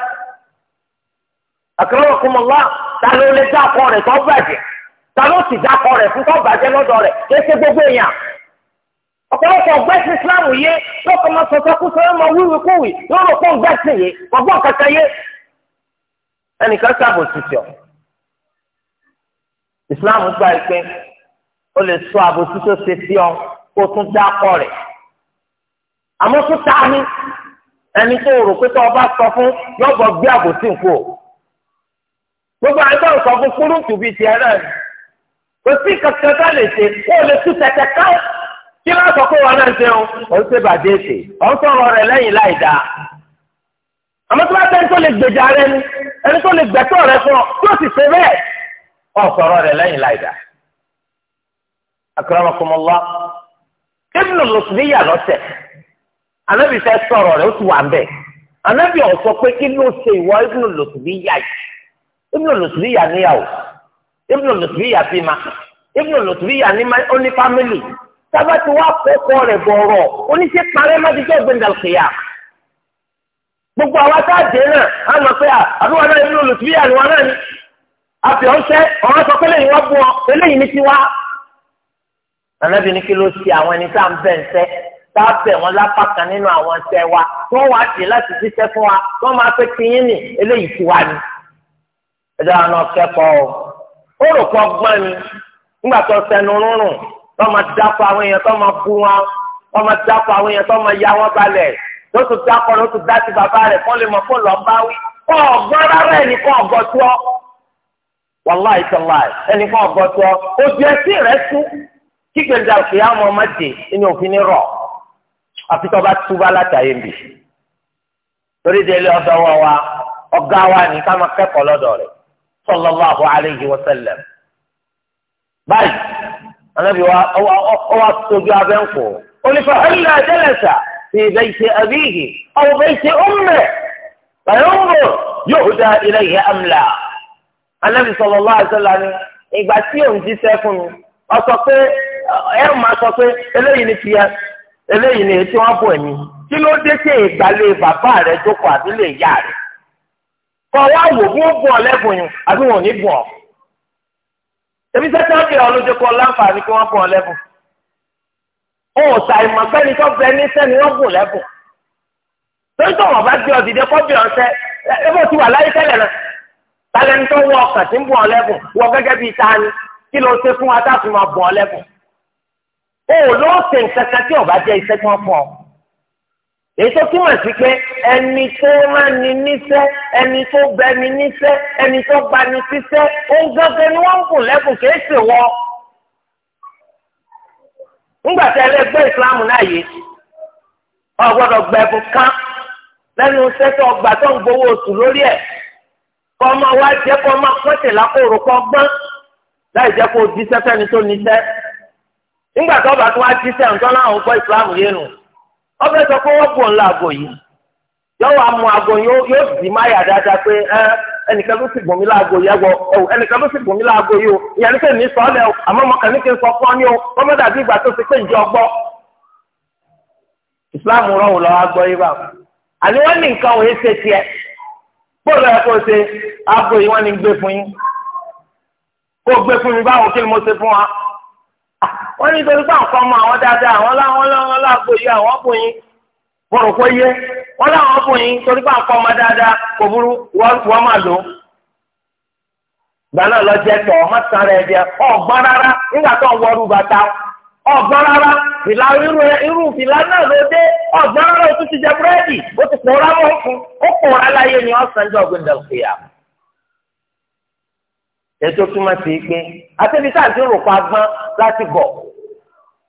A: àkàrà òkú mọ̀ wá ta ló lè dákọ rẹ̀ tó bàjẹ́ ta ló sì dákọ rẹ̀ fún tó bàjẹ́ lọ́dọ̀ rẹ̀ kéṣe gbogbo èèyàn. ọ̀pọ̀lọpọ̀ gbẹ́sìn ìsìláàmù yé lọ́kọ̀ máa sọ̀tọ̀ kú sọ́yọ́ máa wíwì kúwì yóò rò pọ̀ gbẹ́sìn yé ọgbọ́n kankan yé. ẹnìkan àmọ́ tó ta ni ẹni tó rò pé tó ọba sọ fún yọ̀bọ̀ gbé àbòsí nǹkó gbogbo àìsàn sọ fún kúrúǹtù bíi tiẹ̀ náà kò sí kankan ká lè ṣe kó o lè tú tẹ̀tẹ̀ ká kí wọ́n sọ pé wọn náà ń ṣeun òun ṣe bàjẹ́ ṣe òun sọ̀rọ̀ rẹ̀ lẹ́yìn láì dáa àmọ́ tí wọ́n tẹ́ tó lè gbèjà rẹ ni ẹni tó lè gbẹ̀tọ̀ rẹ fún ọ tí ó sì ṣe bẹ́ẹ̀ ọ̀ sọ̀rọ̀ rẹ̀ lẹ́yìn láì dáa. akramakumullah ibnu lùsùlùmíyà lọ́sẹ̀ anabi fẹ́ sọ̀rọ̀ rẹ̀ ó ti wà bẹ́ẹ̀ anabi ọ̀ sọ pé kí ló ṣe ìwọ ibùdó lòtùbí yá yìí ibùdó lòtùbí yá níyàwó ibùdó lòtùbí yá bímá ibùdó lòtùbí yá ní fámìlì sábà tí wàá kọ́kọ́ rẹ̀ bọ̀rọ̀ oníṣẹ́ parẹ́ má ti jẹ́ gbẹ̀ndàkìyà gbogbo àwa tá a dé náà a mọ̀ pé àbúrò náà ibùdó lòtùbí yá ni wọn náà ni àfi ọ̀ṣẹ́ ọ̀rọ̀ sọ pé lẹ́yìn wọ́n bú ọ eléyìí ní tiwa anabi ní kí ló ṣe àwọn ẹni tá à ń bẹ̀ ń fẹ́ tábẹ̀ wọn lápá kan nínú àwọn ṣẹ́ wa wọ́n wá sí láti ṣiṣẹ́ fún wa wọ́n máa fẹ́ kiyín nì eléyìí ti wá ni. ẹ̀dá náà kẹ́kọ̀ọ́ ó rò pọ̀ gbọ́n ni nígbà tó sẹnu rúnrùn tó máa dákọ̀ àwọn èèyàn tó máa bú wọn tó máa dákọ̀ àwọn èèyàn tó máa ya wọn balẹ̀ ló tún dákọ̀ ló tún dá sí bàbá rẹ̀ fún lè mọ̀ fún lọ́ọ́ bá wí kọ́ ọ̀gbọ́n rárá ẹ̀ ní kọ́ ọ̀gbọ́n tó wàláì tàláì ẹnì kan ọ̀gbọ́n tó ojú ẹsìn rẹ̀ tú kí gbèdà òkè àwọn ọmọ dè ní òfin rọ̀ àfi tó bá túbá látàyè ń bì torí délé ọ̀dọ̀ wọn wa ọ̀gá wa ní ká máa kẹ́kọ̀ọ́ lọ́dọ̀ rẹ̀ sallallahu alayhi wa sallam báyìí anabi wa ọwọ sojú abẹ ń kọ onífà ẹnlá jẹlẹsà fi bayti abihi aw bayti ummihi bàyọ̀nbọ̀ yuhda ilayhi amla anabi sallallahu alayhi wa sallam ni ìgbà tí òun jíṣẹ́ fún ọ sọ pé ẹ máa sọ pé eléyìí ni tiẹ̀ eléyìí ni etí wọn bọ̀ ẹ̀mí kí ló dé sí ìgbàlẹ̀ bàbá rẹ jókòó àbí lè yá rẹ kọ wá wò bí wọn bọ̀ lẹ́bùn yìí àbí wọn ò ní bọ̀ ebi sẹ́tẹ́ wọn bìrọ̀ lójú kọ láǹfààní kí wọ́n bọ̀ lẹ́bùn ó ṣàìmọ̀ sẹ́ni tó bẹ ní sẹ́ni wọ́n bùn lẹ́bùn torí wọn bá gbé ọ kọ́ bìrọ̀ sẹ́ ẹbí òtún wà láyé tẹ́lẹ̀ náà talẹ́ni tó wọ ọkàn tí ń bọ̀ lẹ́bùn wọ gẹ́gẹ́ bíi tani kí ló ṣe fún wa tá a fi máa bọ̀ lẹ́bùn o ló ṣe nǹkan kan tí ọba jẹ́ iṣẹ́ tí wọ́n fún ọ. èyí tó túmọ̀ sí pé ẹni tó ránni níṣẹ́ ẹni tó bẹni níṣẹ́ ẹni tó bani síṣẹ́ òun gángan ni wọ́n ń kùn lẹ́kùn kìí ṣe wọ́. ńgbà tí ẹlẹgbẹ́ ìsìlámù náà yé o gbọ́dọ̀ gbẹ̀bùn kan lẹ́nu iṣẹ́ tó ọgbà tó ń gbowó oṣù lórí ẹ̀ kọ́ ọmọ wa jẹ́ kọ́ ọmọ pọ́ńtì lákòrò kọ́ gbọ́n láì jẹ́ kó o jíṣẹ́ fẹ́ni tó níṣẹ́ nígbà tó bá tó wá jí sẹ́yìn tó láwọn gbọ́ ìsìlámù yé nu ọbẹ̀ sọ pé wọ́n bò ńlá àgò yìí yóò wá mu àgò yóò dì má yà dáadáa pé ẹnìkan ló sì gbòmí láago yẹ wọ ẹnìkan ló sì gbòmí láago yìí o ìyẹn ní sẹ́yìn ní sọ ọ́ lẹ́ o àmọ́ ọmọ kan ní kí n sọ fún ọ ní o wọ́n dàbí ìgbà tó ti pé ìjọ gbọ́ ìsìlámù rọrùn lọ́wọ́ agbọ́ yìí bá àní wọ́n ní nǹkan òye ṣe tiẹ̀ bóòlù ẹ̀ kó ṣe àgò yìí wọ́n ní gbé fún yín kó gbé fún mi báwo kí ni mo ṣe fún wa. wọ́n ní torí pé àwọn ọmọ àwọn dáadáa àwọn láwọn láwọn láàbò yìí àwọn bò yín bọ̀rọ̀ kó yé wọ́n láwọn bò yín torí pé ọmọ dáadáa kò burú lọ jẹ tọ ọmọ ẹ rárá nígbà tó ń wọrú bàtà rárá fìlà irú irú náà ló dé rárá o tún ti jẹ búrẹ́dì o ti pòórá mọ́ fún ó pòórá láyé ni jọ ètò túmọ̀ sí pé àtẹ̀bí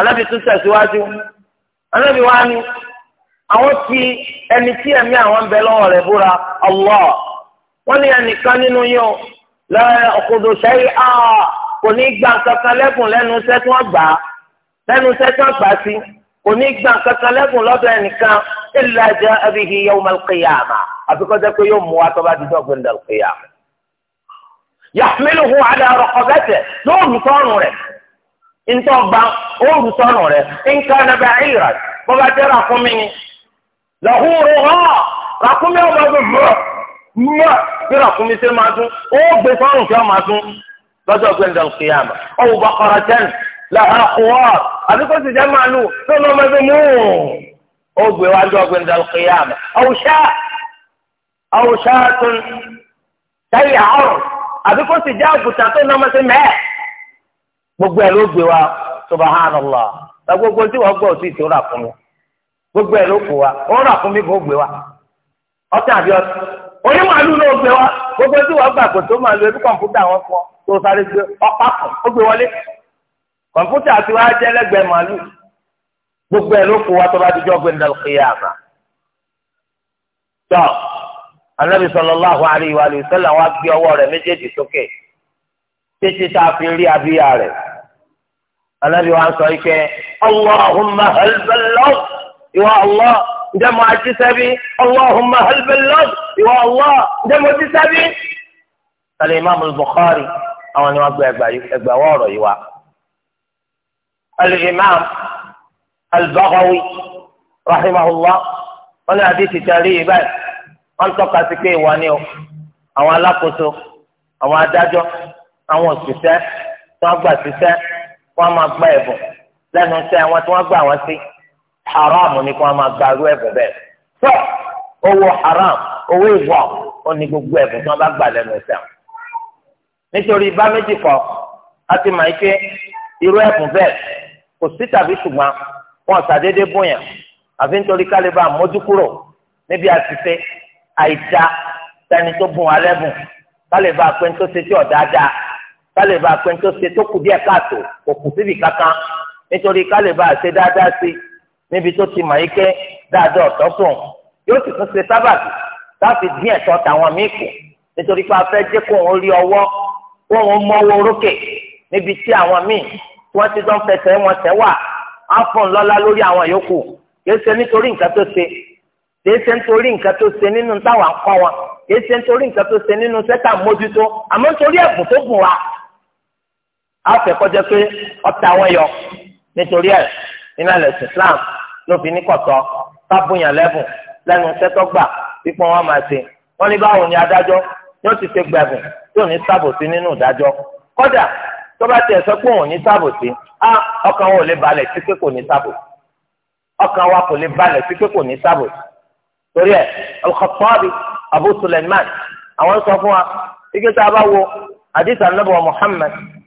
A: anábì tún tẹ̀síwájú anábì wá ní àwọn fi ẹni tí ẹ̀mí àwọn ń bẹ lọ́wọ́ rẹ̀ búra Allah wọ́n ní ẹnìkan nínú yóò lọ́ọ́ ọ̀kọ̀dọ̀ sẹ́yìn á kò ní gbà kankan lẹ́kùn lẹ́nu iṣẹ́ tí wọ́n gbà á lẹ́nu iṣẹ́ tí wọ́n gbà á sí kò ní gbà kankan lẹ́kùn lọ́dọ̀ ẹnìkan illa ja'a bihi yawm al-qiyamah àfikọ́jẹ́ pé yóò mú wa tó bá di dọ́gbìn dal qiyamah. yahmiluhu ala raqabatihi lóòrùn tọ́rùn rẹ̀ ntọ́gba oòrùn sọnù rẹ̀ nǹkan nàbẹ̀ àyíra bọ́bá jẹ́ ràkúnmí ni lọ́hùrù hàn ràkúnmí ọmọ ọdún mọ́ mọ́ bí ràkúnmí ṣe máa dún ó gbé sọ́run kí ọ máa dún lọ́jọ́ gbẹ̀ndàn kìyàmà ọ̀hún bàkàrà jẹ́nu làhà kùwà àdúgbò sì jẹ́ màálù tó ní ọmọ ẹgbẹ́ mú ó gbé wá lọ́jọ́ gbẹ̀ndàn kìyàmà àwùṣá àwùṣá tún
B: ṣáyà ọ̀rùn
A: àdúgbò sì jẹ́ àgùtà tó ní ọmọ ẹgbẹ́ mẹ́ẹ̀. gbogbo ẹ̀ ló gbé wa subhanallah ta gbogbo tí wọ́n gbọ́ òtún ìṣòro àfún gbogbo ló wa ó rà fún mi kó gbé wa ọtí àbí ọtí onímọ̀lú ló gbé wa gbogbo tí gbà kò tó máa lo ẹbí wọn tó sáré gbé kan ó gbé wọlé tí á jẹ́ lẹ́gbẹ̀ẹ́ títí tá a fi rí abíyá rẹ̀ anabi wa sọ ike allahumma halbalọ ìwà allah ǹjẹ́ mo àti sẹ́bi allahumma halbalọ ìwà allah ǹjẹ́ mo ti sẹ́bi. sálẹ̀ bukhari àwọn ni wọ́n gbé ẹgbàá wọ́ọ̀rọ̀ yìí wá. الإمام
B: البغوي
A: رحمه الله wọ́n ní àdìsí tẹ̀lé yìí báyìí wọ́n tọ́ka sí pé ìwà ni o àwọn alákòóso àwọn adájọ́ àwọn òṣìṣẹ́ tí wọ́n gbà síṣẹ́ wọ́n máa gba ẹ̀bùn lẹ́nu iṣẹ́ wọn tí wọ́n gbà wọ́n sí haram ni kí wọ́n máa gba irú ẹ̀bùn bẹ́ẹ̀ tó owó haram owó ìwọ̀ ó ní gbogbo ẹ̀bùn tí wọ́n bá gbà lẹ́nu iṣẹ́ wọn. nítorí bá méjì kọ a ti mọ̀ ike irú ẹ̀bùn bẹ́ẹ̀ kò sí tàbí ṣùgbọ́n wọn ṣàdédé bóyá àfi nítorí kálíbà mójúkúrò níbi àṣìṣe àìdá tẹni tó bùn alẹ́ bùn kálíbà pé ní tó ṣe tí ọ̀ dáadáa kálẹ̀ bá pẹ́ tó ṣe tó kù díẹ̀ káàtó kò kù síbi kankan nítorí kálẹ̀ bá ṣe dáadáa sí níbi tó ti mọ̀ ike dáadáa ọ̀tọ̀ sùn yóò sì tún ṣe sábàbí láti dín ẹ̀tọ́ tàwọn míì kù nítorí pé a fẹ́ jẹ́ kó òun rí ọwọ́ kó òun mọ́wọ́ orókè níbi tí àwọn míì tí wọ́n ti dán fẹsẹ̀ wọn tẹ̀ wà á fún lọ́lá lórí àwọn yòókù kìí ṣe nítorí nǹkan tó ṣe kìí ṣe nítorí nǹkan tó ṣe nínú táwọn akọ wọn kìí ṣe nítorí nǹkan tó ṣe nínú sẹ́tà mójútó àmọ́ nítorí ẹ̀bùn tó gùn wa afẹ́ kọjá pé ọta wọn yọ nítorí ẹ̀ nínú ẹ̀sìn Islam ló fi ní kọ̀tọ́ tábùyàn lẹ́bùn lẹ́nu sẹ́tọ́gbà pípọ́n wọn máa ṣe wọ́n ní báwo ni adájọ́ yóò ti ṣe gbẹ̀bùn tí ò ní sábòsí nínú ìdájọ́ kódà tó bá tiẹ̀ sọ pé òun ní sábòsí á ọkàn wọn ò lè balẹ̀ sí pé kò ní sábòsí ọkàn wa kò lè balẹ̀ sí pé kò ní sábòsí torí ẹ̀ al Abu Sulaiman àwọn sọ fún wa ike tá a bá wo hadith Muhammad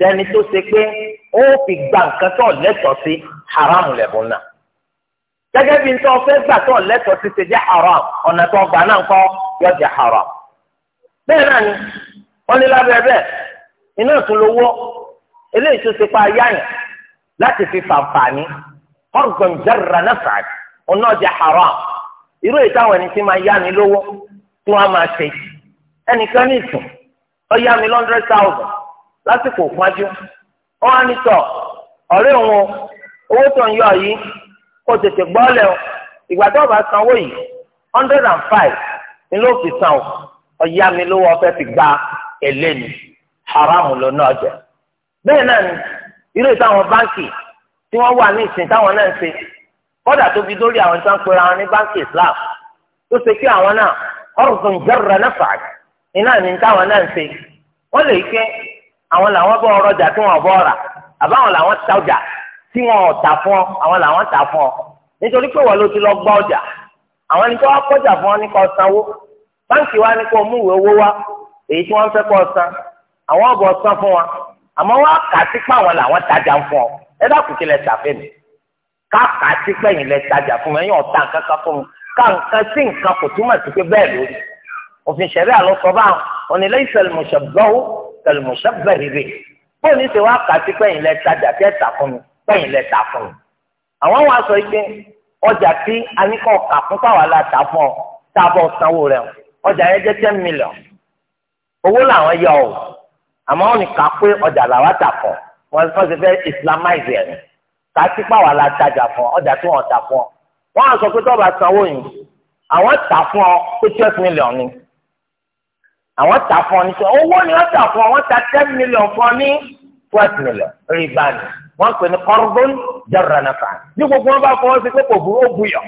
A: dẹni tó ṣe pé ó fi gba nǹkan tó lẹ́tọ̀ọ́ sí haramu lẹ́bùn náà gẹ́gẹ́ bí nítorí ọ̀fẹ́ gbà tó lẹ́tọ̀ọ́ sí ṣe jẹ́ haram ọ̀nà tó gbà náà kọ́ yọ jẹ́ haram bẹ́ẹ̀ náà ni wọ́n ní lábẹ́ bẹ́ẹ̀ iná tún lówó eléyìí tó ṣe pa yáyàn láti fi fàǹfààní ọ̀gbọ̀n jẹ́rìrà náà fàá ọ̀nà jẹ́ haram irú èyí táwọn ẹni tí máa yá ni lówó tí wọ́n máa ṣe ẹnìkan ní ìsìn ọ yá mi lọ́ndrẹ́d táwùsàn lásìkò pọ́njú wọ́n á ní tọ̀ ọ̀rẹ́ òun owó tó ń yọ yìí kó tètè gbọ́lẹ̀ o ìgbà tó bá sanwó yìí hundred and five ni ló fi san o ọ̀yá mi lówó ọ̀fẹ́ fi gba èlé ni haramu ló náà jẹ bẹ́ẹ̀ náà ni irú ìtàwọn báńkì tí wọ́n wà ní ìsìn táwọn náà ń ṣe kọ́dà tó fi dórí àwọn tó ń pera wọn ní báńkì Islam tó ṣe kí àwọn náà ọ̀rùn jẹ́rìí náà fà iná ní táwọn náà ń ṣe wọ́n lè ké àwọn làwọn bọ̀ ọrọjà tí wọn bọ̀ ọrà àbáwọn làwọn ta ọjà tí wọn tà fún ọ àwọn làwọn tà fún ọ nítorí pé wọn ló ti lọ gbọ́ ọjà àwọn ẹni tó wá kọjà fún ọ ní kó sanwó báńkì wa ní kó mú ìwé owó wá èyí tí wọn fẹ́ kó san àwọn ọbọ san fún wa àmọ́ wọn kà sí pé àwọn làwọn tajà fún ọ ẹ dákun kí lẹ tàfẹ́ mi ká kà sí pé ẹ̀yin lẹ tajà fún mi ẹ̀yin ọ̀tá nǹkan kan fún mi ká nǹkan sí nǹkan kò túmọ̀ sí pé bẹ́ẹ̀ lórí òfin ṣẹ̀rí àlọ́ sọ báwọn òní lẹ́yìn sẹ́lẹ̀ mọ̀ṣẹ̀ gbọ́ kẹlẹmọṣẹ bẹrẹ bó ní ṣe wá kàtí pẹ̀yìn lẹ tajà tẹ́ tà fún mi pẹ̀yìn lẹ tà fún mi. àwọn wa sọ pé ọjà tí aníkọ̀ kà fún pàwọ́ la tà fún ọ tábọ̀ sanwó rẹ̀ ọjà yẹn jẹ́ ten million owó làwọn yọ ọ àmọ́ wọn kà pé ọjà làwọn tà fún wọn fọ́n ṣe fẹ́ islamize ẹ̀ kàtí pàwọ́ la tajà fún ọjà tí wọ́n tà fún ọ. wọ́n á sọ pé tọ́ba sanwó yìí àwọn tà fún ọ pé twelve million ni àwọn tà fún ọ ní sọ owó ni wọ́n tà fún ọ wọ́n ta ten million fún ọ ní twelve million rìbá ni wọ́n pè ní kọ́rọ́bọ́n jẹ́rọ nàfà ní gbogbo wọn bá fọwọ́ sí pé kò burú ó buyọ̀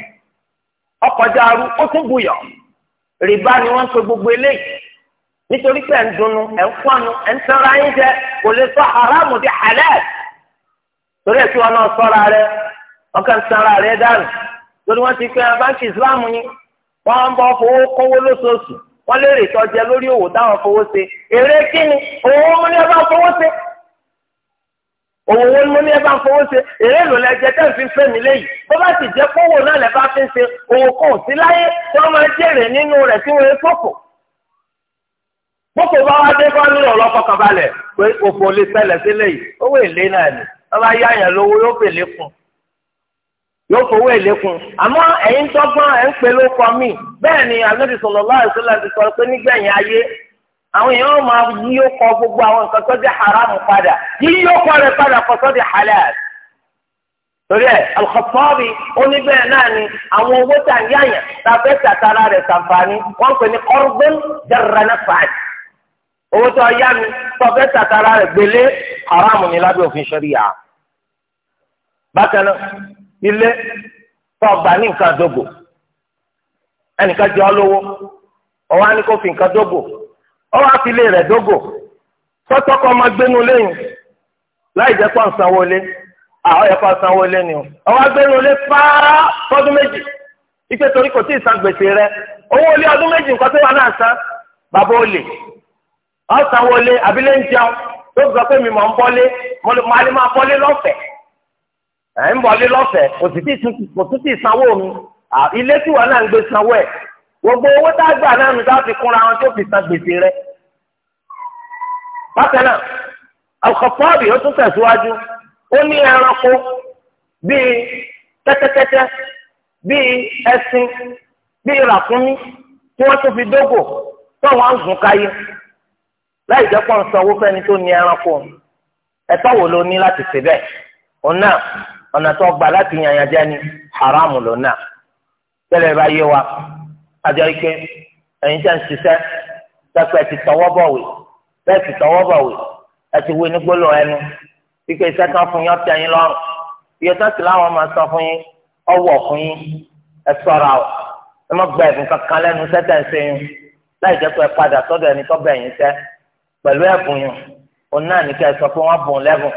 A: ọkọjá arú ó tún buyọ̀ rìbá ni wọ́n pè gbogbo eléyìí nítorí pé ẹ̀ ń dùnnú ẹ̀ ń fọ́nu ẹ̀ ń tẹ́ra yín jẹ kò lè sọ haramu di halal torí ẹ̀ tí wọn náà sọ́ra rẹ ọkàn sanra rẹ dànù torí wọ́n ti pẹ́ báńkì ìsìláàmù yín wọ́n á fowó kówó lóṣooṣù wọ́n lérè tó jẹ lórí òwò táwọn fowó ṣe èrè kíni òwò mo ní ẹ bá fowó ṣe òwò wo ní ẹ bá fowó ṣe èrè ló lẹ jẹ tẹ́ ń fi fẹ́ mi léyìí bá sì jẹ kówó náà lẹ bá fi ń ṣe òwò kan sí láyé tó máa jèrè nínú rẹ̀ yóò fowó ẹ̀ lékun àmọ́ ẹ̀yin tọ́gbọ́n ẹ̀ ń pè ló kọ mí bẹ́ẹ̀ ni Ànábì sallallahu alaihi wasallam ti sọ pé nígbẹ̀yìn ayé àwọn èèyàn máa yí ó kọ gbogbo àwọn nǹkan tó jẹ́ haramu padà yíyí ó kọ rẹ̀ padà kọ tó jẹ́ halal torí ẹ Al-Khattabi oníbẹ̀rẹ̀ náà ni àwọn owó tà ń yáyà tàbí tàtàrà rẹ̀ sàǹfààní wọ́n pè ní ọ̀rùbọ́n jẹ̀rẹ̀nà fàájì owó tó yá mi tàbí tàtàrà rẹ̀ gbélé haramu ni lábẹ́ òfin ṣẹ̀ríyà bákan náà. ilé tó ọgbà ní nǹkan àdógò ẹnìkan jẹ ọ lówó fi nǹkan dógò ọwọ́ á fi ilé rẹ̀ dógò sọ́tọ́kọ́ ọmọ gbénu léyìn láì jẹ́ pọ̀ sanwó lé àwọn ẹ̀kọ́ ni o ọwọ́ gbénu lé fáá fọ́dún méjì ike torí kò tí ì san gbèsè rẹ owó ilé ọdún méjì nǹkan tó wà náà san bàbá
B: olè abilé ń jẹun
A: tó pé mi mọ̀ ẹ̀ ń bọ̀lé lọ́fẹ̀ẹ́ kò tún ti sanwó mi ilé tí wọn náà ń gbé sanwó ẹ̀ gbogbo owó tá a gbà náà nù a fi kúnra wọn tó fi san gbèsè rẹ. bákan náà al ó tún tẹ̀síwájú ó ní ẹranko bíi kẹ́tẹ́kẹ́tẹ́ bíi ẹṣin bíi ràkúnmí tí wọ́n tún fi dógò tó wọn ń gùn káyé láì jẹ́ pọ́n sanwó fẹ́ni tó ní ẹranko ẹ̀tọ́ wo ló ní láti ṣe bẹ́ẹ̀ òun náà. ọ̀nà tó gbà láti yànyàn jẹ́ ni haramu ló nà tẹ́lẹ̀ bá yé wa àjọ ike ẹ̀yin tẹ́ ń ṣiṣẹ́ tẹ́pẹ́ ti tọwọ́ bọ̀wé bẹ́ẹ̀ ti tọwọ́ bọ̀wé ẹ ti wé ní gbólóhùn ẹnu pípé iṣẹ́ kan fún yín ọ̀tẹ̀ yín lọ́rùn iye tó ti láwọn máa san fún yín ọwọ́ fún yín ẹ sọ̀ra o ẹ má gba ẹ̀bùn kankan lẹ́nu sẹ́tẹ̀ ń sẹ́yìn láì jẹ́ pé padà sọ́dọ̀ ẹni tó bẹ̀ yín pẹ̀lú ẹ̀bùn yín òun náà ní kẹ́ ẹ sọ pé wọ́n bùn lẹ́bùn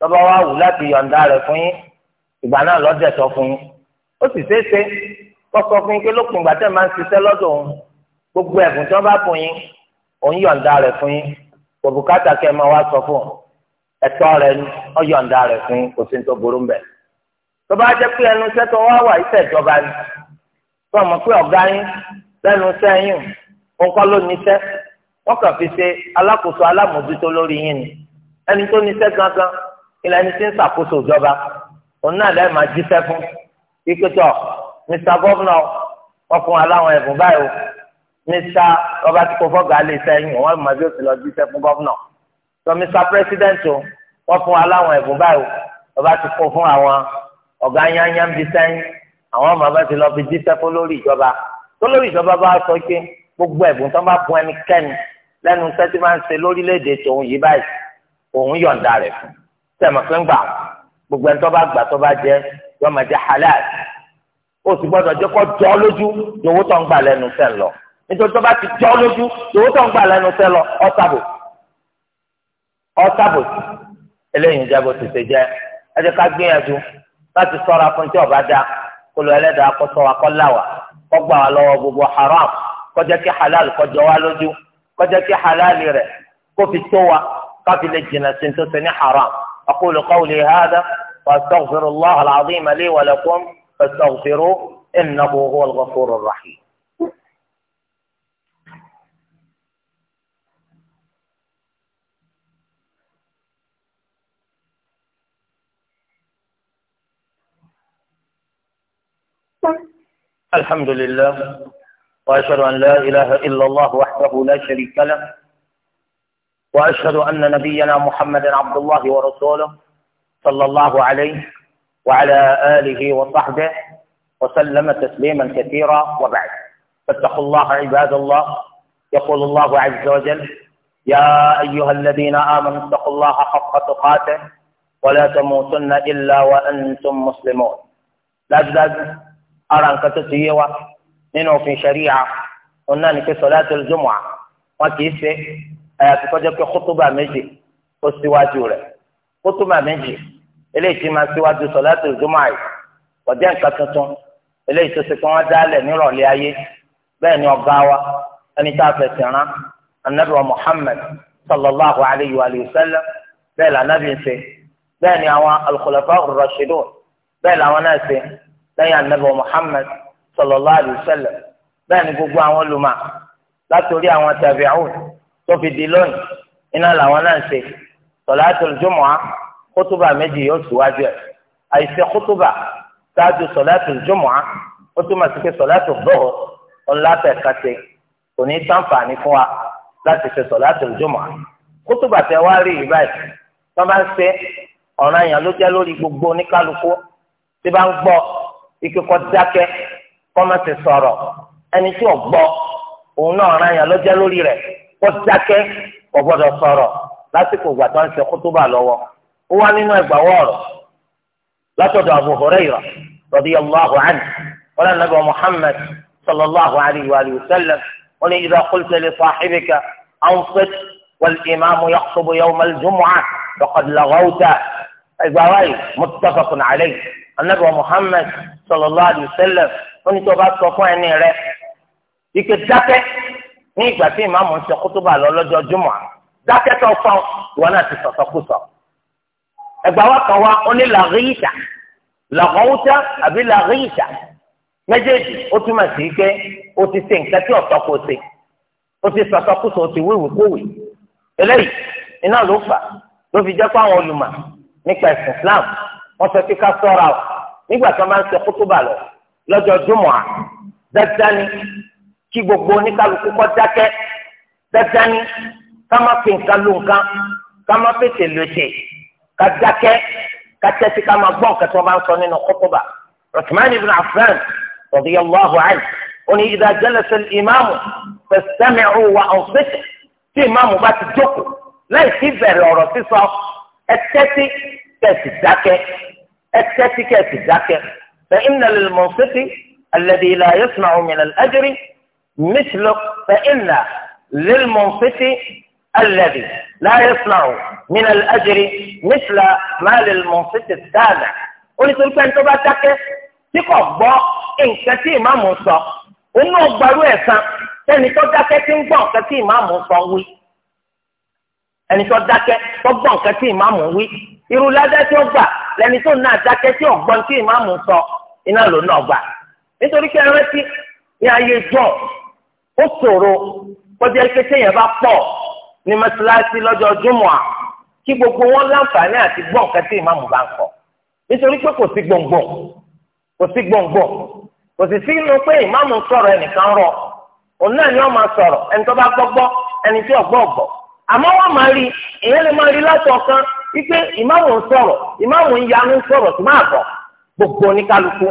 A: tọ́ba wa wù láti yọ̀ǹda rẹ̀ fún yín ìgbà náà lọ́dẹ̀ sọ fún yín ó sì ṣeé ṣe kó sọ fún yín pé lópin ìgbà tẹ́ máa ń ṣiṣẹ́ lọ́dọ̀ òun gbogbo ẹ̀bùn tí wọ́n bá fún yín òun yọ̀ǹda rẹ̀ fún yín kò bùkátà kẹ́ ẹ máa wá sọ fún ẹ̀tọ́ rẹ̀ ni ó yọ̀ǹda rẹ̀ fún yín kò sí ní tó burú mbẹ̀. tó jẹ́ pé ẹnu iṣẹ́ tó wá wà iṣẹ́ ìjọba ni tó mọ̀ pé ọ̀gá yín lẹ́nu iṣẹ́ yín òun kọ́ ló níṣẹ́ wọ́n kàn fi ṣe alákòóso alámòójútó lórí yín ni ẹni tó níṣẹ́ gangan ìlànà tí ń ṣàkóso ìjọba òun náà lẹ́ẹ̀ máa jíṣẹ́ fún ìpẹ́tọ̀ mr governor ọkùnrin aláwọn ẹ̀bùn báyìí o mr Robert tí kò fọ́gà lè sẹ́yìn wọ́n mọ̀ bí ó ti lọ jíṣẹ́ fún governor sọ mr president o wọ́n fún aláwọn ẹ̀bùn báyìí o ọba ti kó fún àwọn ọ̀gá yányán bíi sẹ́yìn àwọn ọmọ bá ti lọ fi jíṣẹ́ fún lórí ìjọba tó lórí ìjọba bá sọ pé gbogbo ẹ̀bùn tó bá fún ẹnikẹ́ni lẹ́nu iṣẹ́ lórílẹ̀‐èdè tòun yìí báyìí òun yọ̀ǹda rẹ̀ fún un tẹ̀mọ̀ fún gbà gbogbo ẹni tó bá gbà tó bá jẹ yọ máa jẹ halal o sì gbọ́dọ̀ jẹ́ kó jọ́ lójú lówó tó ń gbà lẹ́nu tẹ̀ lọ nítorí tó bá ti jọ́ lójú lówó tó ń gbà lẹ́nu tẹ̀ lọ ọ̀sàbò ọ̀sàbò eléyìí ń jẹ́ bó ti ṣe jẹ́ ẹ jẹ́ ká gbìyànjú láti sọ́ra fún tí ọba dá kólú ẹlẹ́dàá kó ṣọ́ wa kó là wá kó gbà wá lọ́wọ́ gbogbo haram kó jẹ́ kí halal kó jọ wá lójú kó jẹ́ kí halal rẹ̀ kó fi tó wa ká fi lè jìnnà sí ní tó ṣe ní haram. أقول قولي هذا وأستغفر الله العظيم لي ولكم فاستغفروه إنه هو الغفور الرحيم الحمد لله وأشهد أن لا إله إلا الله وحده لا شريك له وأشهد أن نبينا محمد عبد الله ورسوله صلى الله عليه وعلى آله وصحبه وسلم تسليما كثيرا وبعد فاتقوا الله عباد الله يقول الله عز وجل يا أيها الذين آمنوا اتقوا الله حق تقاته ولا تموتن إلا وأنتم مسلمون لذلك أرى أنك تسيوا منه في شريعة قلنا في صلاة الجمعة وكيف àyàfi kọjá pé kótóbà méjì ó síwájú rẹ̀ kótóbà méjì eléyìí ti máa síwájú sọ̀láàtì ìdúmáì ọ̀jẹ́ nǹkan tuntun eléyìí tó ṣe pé wọ́n dálẹ̀ nírọ̀lẹ́ ayé bẹ́ẹ̀ ni ọ̀gá wa ẹni tá a fẹ̀sìn rán anabi wa muhammed sallallahu alayhi wa sallam bẹ́ẹ̀ la anabi ń ṣe bẹ́ẹ̀ ni àwọn alukulafa rashidun bẹ́ẹ̀ làwọn náà ṣe lẹ́yìn anabi wa muhammed sallallahu alayhi wa sallam bẹ́ẹ̀ ni gbogbo àwọn olùmọ̀ látòrí àwọn tabi'un tó fi di lónìí iná làwọn náà ń ṣe sọláàtò jùmọ̀á kótóbà méjì yóò síwájú ẹ̀ àìṣe kótóbà ṣáájú sọláàtò jùmọ̀á ó túmọ̀ sí pé sọláàtò bọ́ọ̀ ọ̀nlátà ẹ̀ka ṣe kò ní sàǹfààní fún wa láti ṣe sọláàtò jùmọ̀á kótóbà tẹ wá rí yìí báyìí tó bá ń ṣe ọ̀ràn yẹn ló jẹ́ lórí gbogbo oníkálukú tí bá ń gbọ́ ike dákẹ́ kọ́ má ti sọ̀rọ̀ ẹni tí ò gbọ́ òun náà ọ̀ràn yẹn ló jẹ́ lórí rẹ̀ kó dákẹ́ kò gbọ́dọ̀ sọ̀rọ̀ lásìkò ìgbà tó ń ṣe kútúbà lọ́wọ́ ó wá nínú ẹgbà wọ́ọ̀rọ̀ látọ̀dọ̀ Abu Hurairah radiyallahu anhu wọn náà nàbẹ Muhammad sallallahu alayhi wa sallam wọn ni idha qulta li sahibika ansit wal wọn ni tó bá sọ fún ẹni rẹ ike dákẹ́ ní ìgbà tí ìmáàmù ń sọ kótóbà lọ lọ́jọ́ jùmọ̀ dákẹ́tọ̀ fún wọn náà ti sọ̀tọ̀ kú sọ. ẹgbà wa kan wa ó ní làríyìṣà làkọ́wútà àbí làríyìṣà méjèèjì ó túmọ̀ sí pé ó ti ṣe nǹkan tí ọ̀tọ̀ kò ṣe ó ti sọ̀tọ̀ kú sọ ó ti wíwì kúwì eléyìí iná ló fà ló fi jẹ́ pé àwọn olùmọ̀ nípa ẹ̀sìn Islam wọ́n sọ pé ká sọ́ra o nígbà tí wọ́n bá ń sọ kótóbà lọ lọ́jọ́ jùmọ̀ dáadáa ni kí gbogbo oníkálukú kọ́ dákẹ́ dáadáa ní ká má fi nǹkan lu nǹkan ká má fètè lòtè ká dákẹ́ ká tẹ́tí ká má gbọ́ nǹkan tí wọ́n bá ń sọ nínú kókóbà Uthman ibn Affan radiyallahu anhu ó ní idha jalasa al-imamu fastami'u wa ansitu tí ìmáàmù bá ti jókòó láì sí bẹ̀rẹ̀ ọ̀rọ̀ sísọ ẹ tẹ́tí kẹ̀sì dákẹ́ ẹ tẹ́tí kẹ̀sì dákẹ́ fa inna lil-munṣiti alladhi la مثلك فإن للمنفق الذي لا يصنع من الأجر مثل ما للمنفق السامع onítorí pé nítorí bá dákẹ́ tí kò gbọ́ nǹkan tí ìmáàmù sọ òun náà gbarú ẹ̀san ẹni tó dákẹ́ tí ń gbọ́ nǹkan tí ìmáàmù sọ wí ẹni tó dákẹ́ tó gbọ́ nǹkan tí ìmáàmù wí irú ládá tí ó gbà lẹni tó náà dákẹ́ tí ò gbọ́ tí ìmáàmù sọ iná ló náà gbà nítorí pé ẹrẹ́tí ní ayé jọ̀ọ́ ó ṣòro kọjá pé téèyàn bá pọ̀ ní mọ́ṣáláṣí lọ́jọ́ júmọ̀ à kí gbogbo wọn láǹfààní àti gbọ́ nǹkan tí ìmáàmù bá ń kọ́ nítorí pé kò sí gbòǹgbòǹ kò sí gbòǹgbòǹ kò sì sí inú pé ìmáàmù sọ̀rọ̀ ẹnìkan rọ̀ òun náà ni wọ́n máa sọ̀rọ̀ ẹni tó bá gbọ́gbọ́ ẹni tí ọ̀gbọ́ ọ̀gbọ́ àmọ́ wọ́n máa rí èyí lè máa rí látọ̀ kan wípé ìmáàmù ń sọ̀rọ̀ ìmáàmù ń yanu ń sọ̀rọ̀ tó máa bọ̀ gbogbo oníkálukú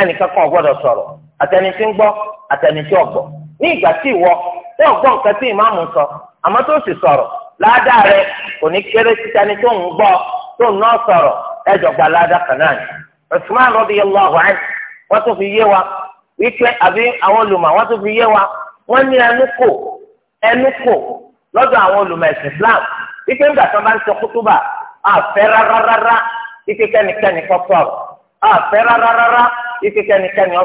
A: ẹnìkan kan ò sọ̀rọ̀ àtẹni tí ọ̀gbọ́ ní ìgbà tí ìwọ tó gbọ́ nǹkan tí ìmáàmù sọ àmọ́ tó sì sọ̀rọ̀ ládàá rẹ kò ní kéré títa ni tó ń gbọ́ tó ná sọ̀rọ̀ ẹjọ́ gba ládàá kan náà ni. Usman wọ́n tún fi yé wa àbí àwọn olùmọ̀ wọ́n tún wa wọ́n ní ẹnu kò ẹnu kò lọ́dọ̀ àwọn olùmọ̀ ẹ̀sìn Islam nígbà tó bá ń sọ kútúbà àfẹ́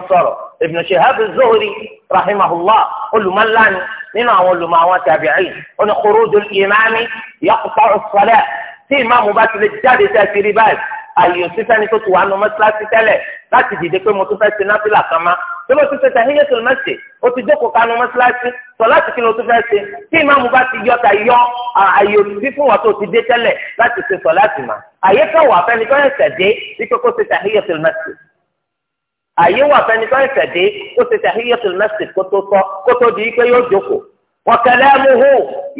A: sọ̀rọ̀ ibn shihab zuhri rahimahullah olùmọ̀láni nínú àwọn olùmọ̀ àwọn tabi'in ó ní khurujul imami yaqta'u as-salat tí ìmáàmù bá ti lè jáde sí àṣírí báyìí àyè òṣìṣẹ́ni tó ti wà nù mọ́ṣáláṣí tẹ́lẹ̀ láti dìde pé mo tún fẹ́ ṣe náfìlà kan má tí mo tún ṣe tahiyatul masjid ó ti jókòó kanu mọ́ṣáláṣí sọ láti kí ló tún fẹ́ ṣe tí ìmáàmù bá ti yọ ta yọ àyè òṣìṣẹ́ fún wọn tó ti dé tẹ́lẹ̀ láti ṣe sọ láti má àyè kan wà fẹ́ni tó yẹ àyè wà fẹ́ni tó ẹsẹ̀ dé kó ṣe tahiyatul masjid kó tó sọ kó tó di pé yóò jókòó wa kalamuhu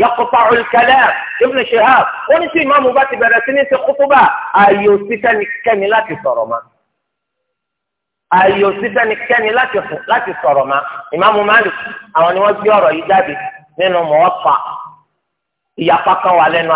A: yaqta'u al-kalam Ibn Shihab ó ní tí ìmáàmù bá ti bẹ̀rẹ̀ sí ní ṣe kútúbà àyè òsì fẹ́nikẹ́ni láti sọ̀rọ̀ ma àyè òsì fẹ́nikẹ́ni láti sọ̀rọ̀ ma ìmáàmù Malik àwọn ni wọ́n gbé ọ̀rọ̀ yìí jáde nínú Muwatta ìyapa kan wà lẹ́nu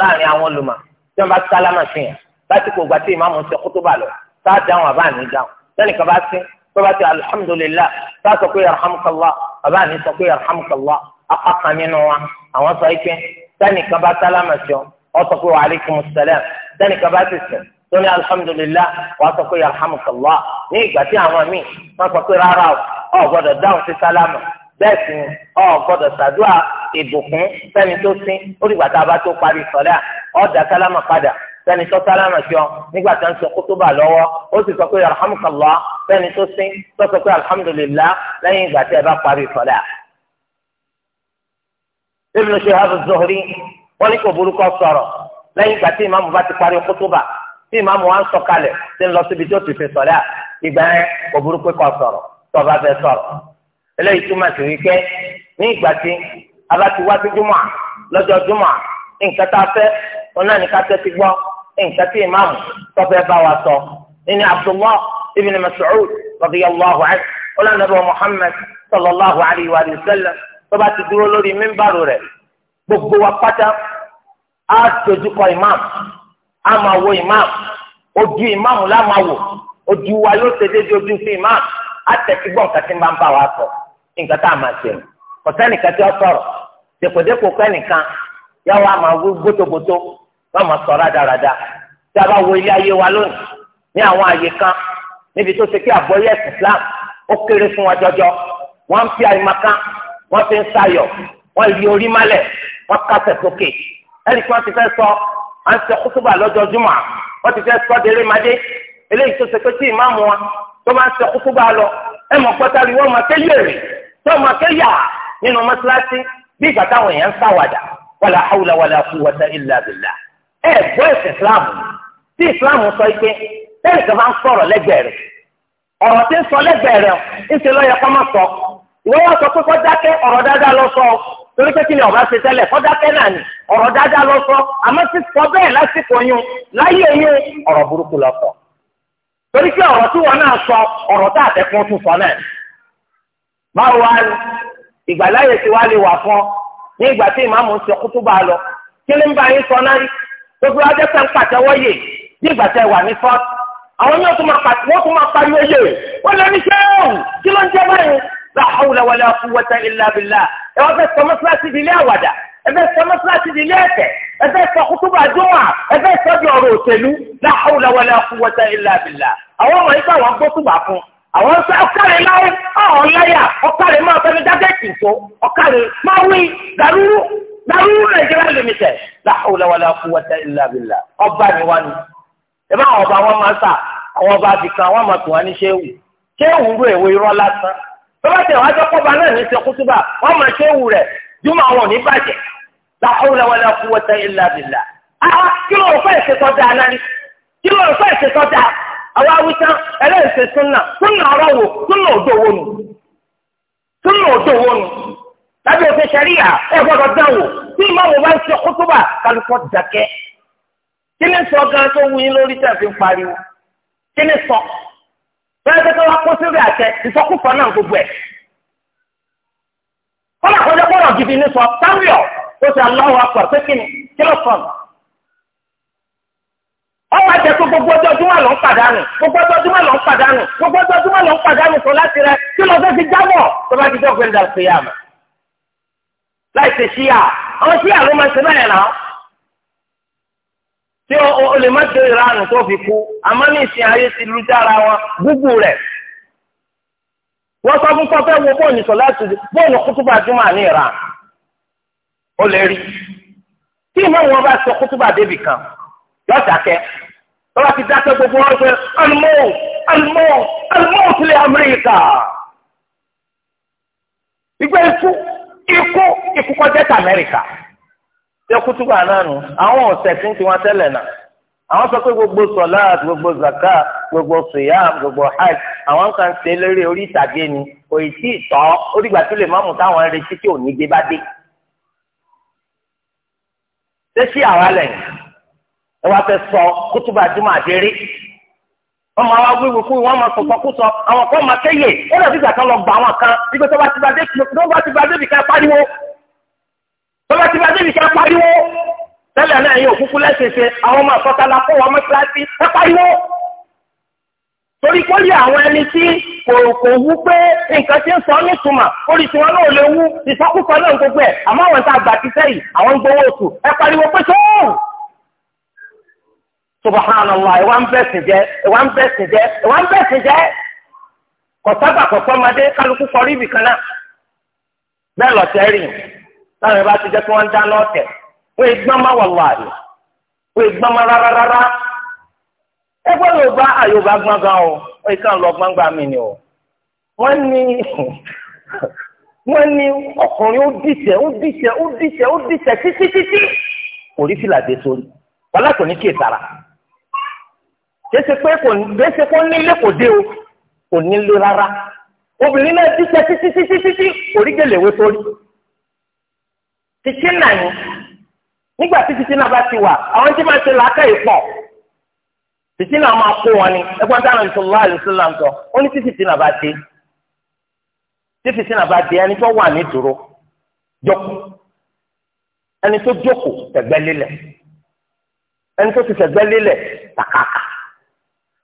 A: láàrin àwọn olùmọ̀ tí wọ́n bá sálámà sí yẹn láti kò gbà tí ìmáàmù ṣe kútúbà lọ sáà dáhùn àbáà ní dáhùn lẹ́nu kaba sí kaba sí alihamudulilayi bá sọ pé yarhamukallah bàbá mi sọ pé yarhamukallah apáka nínú wa àwọn sọ ike lẹ́nu kaba sálámà sí ọ ọ sọ pé wa aleykum salam lẹ́nu kaba sí sẹ tóní alihamudulilayi wà sọ pé yarhamukallah ní ìgbà tí àwọn míì wọ́n sọ pé rárá o ọ gbọ́dọ̀ dáhùn sí sálámà bẹ́ẹ̀ sì ni ọ gbọ́dọ̀ ṣàdúrà ìbùkún sẹ́ni tó sín ó dìgbà tá a bá tó parí sọ́lá ọ̀ dá sálámà padà sẹ́ni tó sálámà sí ọ nígbà tó ń sọ kótóbà lọ́wọ́ ó sì sọ pé alhamdulilah sẹ́ni tó sín tó sọ pé alhamdulilah lẹ́yìn ìgbà tí ẹ bá parí sọ̀dà. Ibn Shihab az-Zuhri wọ́n ní kò burúkọ sọ̀rọ̀ lẹ́yìn ìgbà tí ìmáàmù bá ti parí kótóbà tí ìmáàmù wa ń sọ kalẹ̀ tí ń lọ síbi tí ó ti fi sọ̀dà ìgbà yẹn kò burúkọ sọ̀rọ̀ tó bá fẹ́ sọ̀rọ̀ eléyìí túmọ̀ sí wípé ní ìgbà tí a bá ti wá sí júmọ̀ lọ́jọ́ júmọ̀ nǹkan ọ̀nà ní ká tẹ́tí gbọ́ nǹkan tí ìmáàmù tọ́fẹ́ bá wa sọ nínú Abdullah ibn Mas'ud radiyallahu anhu ọ̀nà nàbẹ Muhammad sallallahu alayhi wa sallam tó bá ti dúró lórí mímbàrú rẹ̀ gbogbo wa pátá á dojúkọ ìmáàmù á máa wo ìmáàmù ojú ìmáàmù lá máa wò ojú wa yóò ṣe déédéé ojú sí ìmáàmù á tẹ́tí gbọ́ nǹkan tí ń ń bá wa sọ nǹkan tá a máa ṣe kọ̀sẹ́nìkan tí ó sọ̀rọ̀ dèkòdèkò kẹ́nìkan yàwó àmà gbótógbótó wọn máa sọ rádaràda tí a bá wo ilé ayé wa lónìí ní àwọn àyè kan níbi tó ṣe kí àgbọ́yé ẹ̀sìn Islam ó kéré fún wa jọjọ wọ́n ń fi àyèmàkà wọ́n fi ń sayọ̀ wọ́n yí orí málẹ̀ wọ́n kásẹ̀ sókè ẹnì kan ti fẹ́ sọ à ń sọ kútùbà lọ́jọ́ jùmọ̀ wọ́n ti fẹ́ sọ délé madé eléyìí tó ṣe pé tí ìmáàmù wa tó máa ń sọ kútùbà lọ ẹ mọ̀ pátá rí wọ́n máa ké tó máa ké nínú mọ́ṣáláṣí bí ìgbà táwọn èèyàn ń ṣàwàdà wàlà hawla wàlà quwwata illa billah. ẹ gbọ́ ẹ̀sìn islam tí islam sọ pé bẹ́ẹ̀ kan máa ń sọ̀rọ̀ lẹ́gbẹ̀ẹ́ rẹ̀ ọ̀rọ̀ tí ń sọ lẹ́gbẹ̀ẹ́ rẹ̀ ń ṣe lọ́yẹ kọ́ máa sọ ìwọ wá sọ pé kọ́ dákẹ́ ọ̀rọ̀ dáadáa lọ sọ torí pé kí ni ọba ṣe tẹ́lẹ̀ kọ́ dákẹ́ náà ni ọ̀rọ̀ dáadáa lọ sọ àmọ́ ti sọ bẹ́ẹ̀ lásìkò yún láyé yún ọ̀rọ̀ burúkú lọ sọ torí pé ọ̀rọ̀ tí wọn náà sọ ọ̀rọ̀ tá àtẹ̀kùn tún sọ náà báwo wá ìgbàláyè tí wàá lè wà fún ní ìgbà tí ìmáàmù ń ṣe kútúbà lọ kí ló ń bá yín sọ náà rí gbogbo ajé sẹ́ ń pàtẹ́wọ́ yè ní ìgbà tẹ́ wà ní fọ́ọ̀t àwọn náà tún máa pàtẹ́wọ́ tún máa pariwo yè wọ́n lọ ní sẹ́wọ̀n kí ló ń jẹ́ báyìí la hawla wala quwwata illa billah ẹ wá fẹ́ sọ di ilé àwàdà ẹ fẹ́ sọ di ilé ẹ̀tẹ̀ ẹ fẹ́ sọ kútúbà jùmọ̀ ẹ fẹ́ sọ ọ̀rọ̀ òṣèlú la hawla wala quwwata illa àwọn ọmọ yìí àwọn sọ ọkàrẹ láwọ ọhún láyà ọkàrẹ máa fẹmi dájẹtì tó ọkàrẹ máa wí dàrúrú dàrúrú nàìjíríà lèmítẹ la hawla wala quwwata illa billah ọba ni wá ni ìbá àwọn ọba wọn máa sà àwọn ọba àbìkan wọn máa tún wá ní ṣéwù ṣéwù ń ro èwe lásán bàbá tẹ wájú kọba náà ní sẹkútùbà wọn máa ṣéwù rẹ jùmọ̀ àwọn òní bàjẹ́ la hawla wala quwwata illa billah àwa awíta ẹlẹ́sẹ̀ sunna sunna ọ̀rọ̀ wò súnà òdò wò nù súnà òdò wò nù lábẹ́ òfin sẹ́ríyà ẹ gbọ́dọ̀ dán wò tí ìmáàmù bá ń ṣe kótóbà kálukọ́ dàkẹ́ kí ni sọ gan tó wù yín lórí tẹ̀ fi ń pariwo kí ni sọ bẹ́ẹ̀ tẹ́tẹ́ wá kó síbi àtẹ ìsọkúfọ náà gbogbo ẹ̀ kọ́lá kọjá kọ́lá gidi ní sọ táwíọ̀ ó ti aláwọ̀ kí ni kí ló sọ̀rọ̀ ọba jẹ pé gbogbo ọjọ́ ọdún wà lọ ń pàdánù gbogbo ọjọ́ ọdún wà lọ ń pàdánù gbogbo ọjọ́ ọdún wà lọ ń pàdánù sọ láti rẹ kí lọ fẹ́ fi jábọ̀ tó bá ti jọ pé nígbà tó yà mà. láì ṣe ṣíyà àwọn ṣíyà ló máa ṣe bẹ́ẹ̀ náà tí o lè má ṣe ìranù tó fi kú àmọ́ ní ìsìn ayé ti lu dára wọn gúgù rẹ̀. wọ́n sọ fún kọ́fẹ́ wo bóònù sọ láti bóònù kútúbà júmọ̀ ní ìran ó lè rí tí ìmọ̀ wọn bá sọ kútúbà débì kan lọ́sàkẹ́ lọ́wọ́ ti dákẹ́ gbogbo wọn pé alimọ́ alimọ́ alimọ́ tilẹ̀ amẹ́ríkà ìgbà ikú ikú ikú kọjá tà amẹ́ríkà ṣé kútùbà náà nù àwọn ọ̀sẹ̀ tí ń tiwọn tẹ́lẹ̀ náà àwọn sọ pé gbogbo sọláàt gbogbo zaka gbogbo siyam gbogbo hajj àwọn kan ṣe lórí orí ìtàgé ni kò ì tí ì tọ́ ó dìgbà tó lè má mú táwọn retí tí ò ní gbé bá dé. ṣé sí àwa lẹ́yìn ẹ wá fẹ́ sọ kútúbà jùmọ̀ àdérí wọ́n máa wá wíwú fún wọn máa sọ̀tọ̀ kú sọ àwọn kan máa kéye ó lọ sígbà kan lọ gba àwọn kan wípé tó bá ti bá débi tó bá ti bá débi ká pariwo tó bá ti bá débi ká pariwo tẹ́lẹ̀ náà yóò kúkú lẹ́sẹsẹ àwọn máa sọ́ta la fún wọn mọ́tíláṣí ká pariwo torí pé lé àwọn ẹni tí kò kò wú pé nǹkan ti ń sọ ní ìtumọ̀ orí tiwọn náà lè wú ìsọkúsọ náà gbogbo ẹ̀ àmọ́ àwọn tá a gbà ti sẹ́yìn àwọn ń gbowó oṣù ẹ pariwo pé sóòrù. subhanallah ìwà ń bẹ̀sìn jẹ́ ìwà ń bẹ̀sìn jẹ́ ìwà ń bẹ̀sìn jẹ́ kọ̀sábà kọ̀sọ́mọdé kálukú kọrí ibì kan náà bẹ́ẹ̀ lọ́tẹ́ rìn láwọn ìbá ti jẹ́ kí wọ́n wọ́n má wà láàyè wọ́n má ló bá àyòbá gbọ́ngàn o wọ́n ni o wọ́n ní wọ́n ní ọkùnrin ó dìtẹ̀ ó dìtẹ̀ ó dìtẹ̀ ó dìtẹ̀ títí fìlà dé sórí wọ́n kése pé kò kése kó nílé kò dé o kò nílé rárá obìnrin náà ti ṣe títí títí títí kò rí gèlè wé sórí títí náà yẹn nígbà tí títí náà bá ti wà àwọn tí máa ṣe làákàyè pọ̀ títí náà máa kó wọn ni ẹgbọn dáhùn sallallahu alaihi wasallam sọ ó ní títí tí náà bá dé títí tí náà bá dé ẹni tó wà ní dúró jókòó ẹni tó jókòó tẹ̀gbẹ́ lélẹ̀ ẹni tó ti tẹ̀gbẹ́ lélẹ̀ tàkàkà.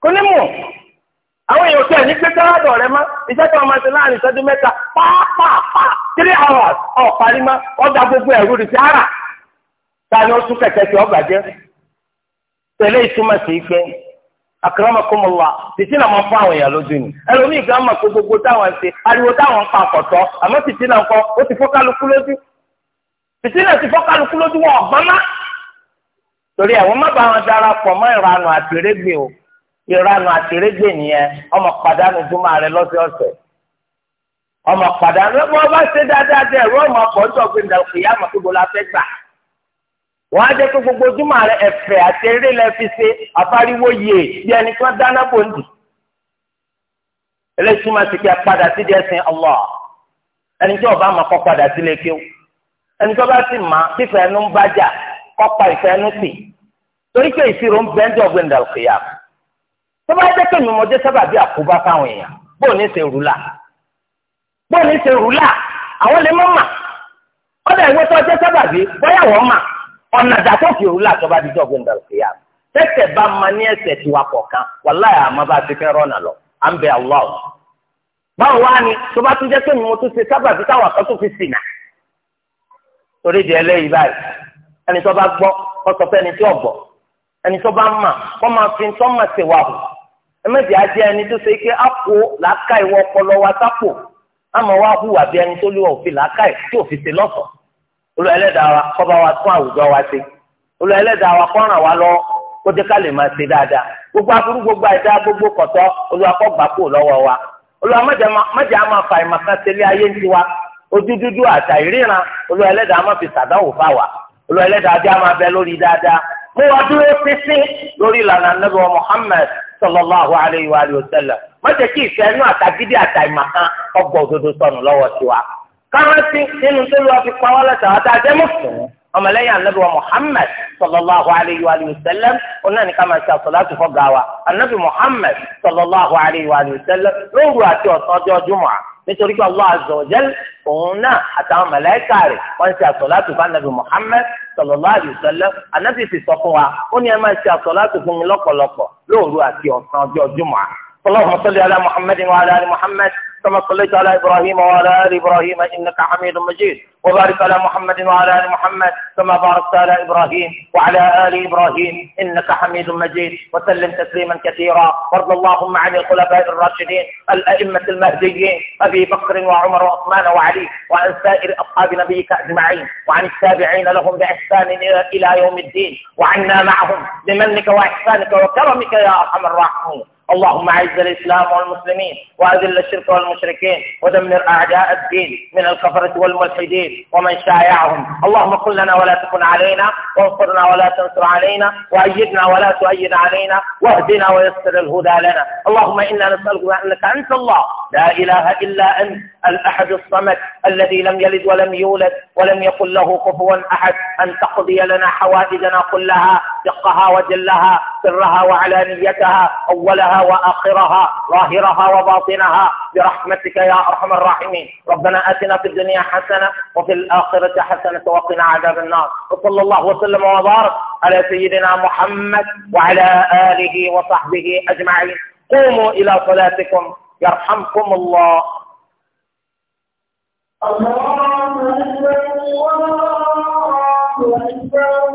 A: kunimu ní mọ̀ àwọn èèyàn tẹ̀ ní pé sáádọ̀ rẹ mọ́ iṣẹ́ tó ọmọ ẹsẹ̀ láàrin ìṣẹ́jú mẹ́ta pàápàá three hours ọ̀ mọ́ gbogbo ẹ̀rú rẹ̀ sí ara ta ni ó sún kẹ̀kẹ́ tí ọgbà jẹ́ tẹ̀lé ìtumọ̀ sí pé akramakumullah títí náà máa fún àwọn èèyàn lójú ni ẹlòmíì gan mọ̀ pé gbogbo táwọn ṣe ariwo táwọn ń pa àkọ́tọ́ àmọ́ títí náà kọ́ ó ti lójú títí náà ti lójú wọn ọ̀gbọ́n má torí má bá wọn darapọ̀ mọ́ ìranu àtẹrẹgbẹ nìyẹn ọmọ pàdánù júmọ rẹ lọ́sọ̀ọ̀sẹ̀ ọmọ pàdánù ẹgbẹ ọba ṣe dáadáa dẹ ẹrú ọmọ pọtọ gbẹndà òkèèyà màkúgbò la fẹ gbà wọn á jẹ pé gbogbo júmọ rẹ ẹ̀fẹ̀ àtẹrẹ lẹ fi ṣe àfáríwó yìí bí ẹni tí wọn dáná bò ń dì eléyìí túmọ̀ sí pé padà sí díẹ̀ sin Allah ẹni tí ọba máa kọ́ padà sílé kéwù ẹni tí ọba sì máa fífẹ́ ẹnu ń bájà kọ́pa ìfẹ́ ẹnu sí torí pé ìṣirò ń bẹ́ńdẹ̀ ọ̀gbìn dàlùkìyàmù tó bá jẹ́ pé mímọ́jẹ́ sábà bí àkóbá fáwọn èèyàn bó ní ṣe rúlà bó ní ṣe rúlà àwọn lè mọ́ mà tó jẹ́ sábà bí bóyá wọ́n bá dijọ́ tẹ́tẹ̀ bá ma ní ẹsẹ̀ tiwa kọ̀ọ̀kan wàláyà àmọ́ bá ti fẹ́ rọ́nà lọ à ń bẹ báwo wá ni tó bá tún jẹ́ pé mo tún ṣe sábà bí táwọn àkọ́ tó fi sìnà torí di ẹlẹ́yìí báyìí ẹmẹ́jì ajé ẹni tó ṣe ké àpò làákà ìwọ ọpọlọ wa sápò àmọ́ wa hùwà bí ẹni tó lówó òfin làákà ẹ̀ tí òfin ṣe lọ́sọ̀ọ́ olú ẹlẹ́dàá wa kọ́ bá wa tún àwùjọ wa ṣe olú ẹlẹ́dàá wa kọ́ ràn lọ kó ká lè máa ṣe dáadáa gbogbo gbogbo gbogbo kọ̀tọ́ gbà kó wa máa fa ayé ojú dúdú àtà ìríran ẹlẹ́dàá máa fi fà wá ẹlẹ́dàá bí a máa bẹ lórí dáadáa mú wa dúró sallallahu alayhi wa sallam má jẹ́ kí ìfẹ́ inú àtàgídí àtàìmọ̀kan ọgbọ òdodo sọnù lọ́wọ́ tiwa kárántì nínú tó lọ fi pa wọlé tàwọn tá a fún un ọmọlẹ́yìn anabi wa muhammed sallallahu alayhi wa sallam ọ̀nà ni ká máa ṣe àsọ̀láṣù fọ́gà wa anabi muhammed sallallahu alayhi wa sallam lóru àti ọ̀sán ọjọ́ jùmọ̀ nítorí pé allah azza wa jal òun náà àtàwọn màláíkà rẹ̀ wọ́n ṣe àsọ̀láṣù fún anabi muhammed sallallahu alayhi wa sallam anabi sì sọ fún wa ó ní ẹ máa ṣe àsọ̀láṣù fún mi lọ́pọ̀lọpọ̀ lóru àti ọ̀sán ọjọ́ jùmọ̀ كما صليت على إبراهيم وعلى آل إبراهيم إنك حميد مجيد وبارك على محمد وعلى آل محمد كما باركت على إبراهيم وعلى آل إبراهيم إنك حميد مجيد وسلم تسليما كثيرا وارض اللهم عن الخلفاء الراشدين الأئمة المهديين أبي بكر وعمر وعثمان وعلي وعن سائر أصحاب نبيك أجمعين وعن التابعين لهم بإحسان إلى يوم الدين وعنا معهم بمنك وإحسانك وكرمك يا أرحم الراحمين اللهم اعز الإسلام والمسلمين وأذل الشرك والمسلمين والمشركين ودمر أعداء الدين من الكفرة والملحدين ومن شايعهم اللهم كن لنا ولا تكن علينا وانصرنا ولا تنصر علينا وأيدنا ولا تؤيد علينا واهدنا ويسر الهدى لنا اللهم إنا نسألك أنك أنت الله لا إله إلا أنت الأحد الصمد الذي لم يلد ولم يولد ولم يكن له كفوا أحد أن تقضي لنا حوائجنا كلها دقها وجلها سرها وعلانيتها أولها وآخرها ظاهرها وباطنها برحمتك يا أرحم الراحمين ربنا أتنا في الدنيا حسنة وفي الآخرة حسنة وقنا عذاب النار وصلى الله وسلم وبارك على سيدنا محمد وعلى آله وصحبه أجمعين قوموا إلى صلاتكم يرحمكم الله الله أكبر الله أكبر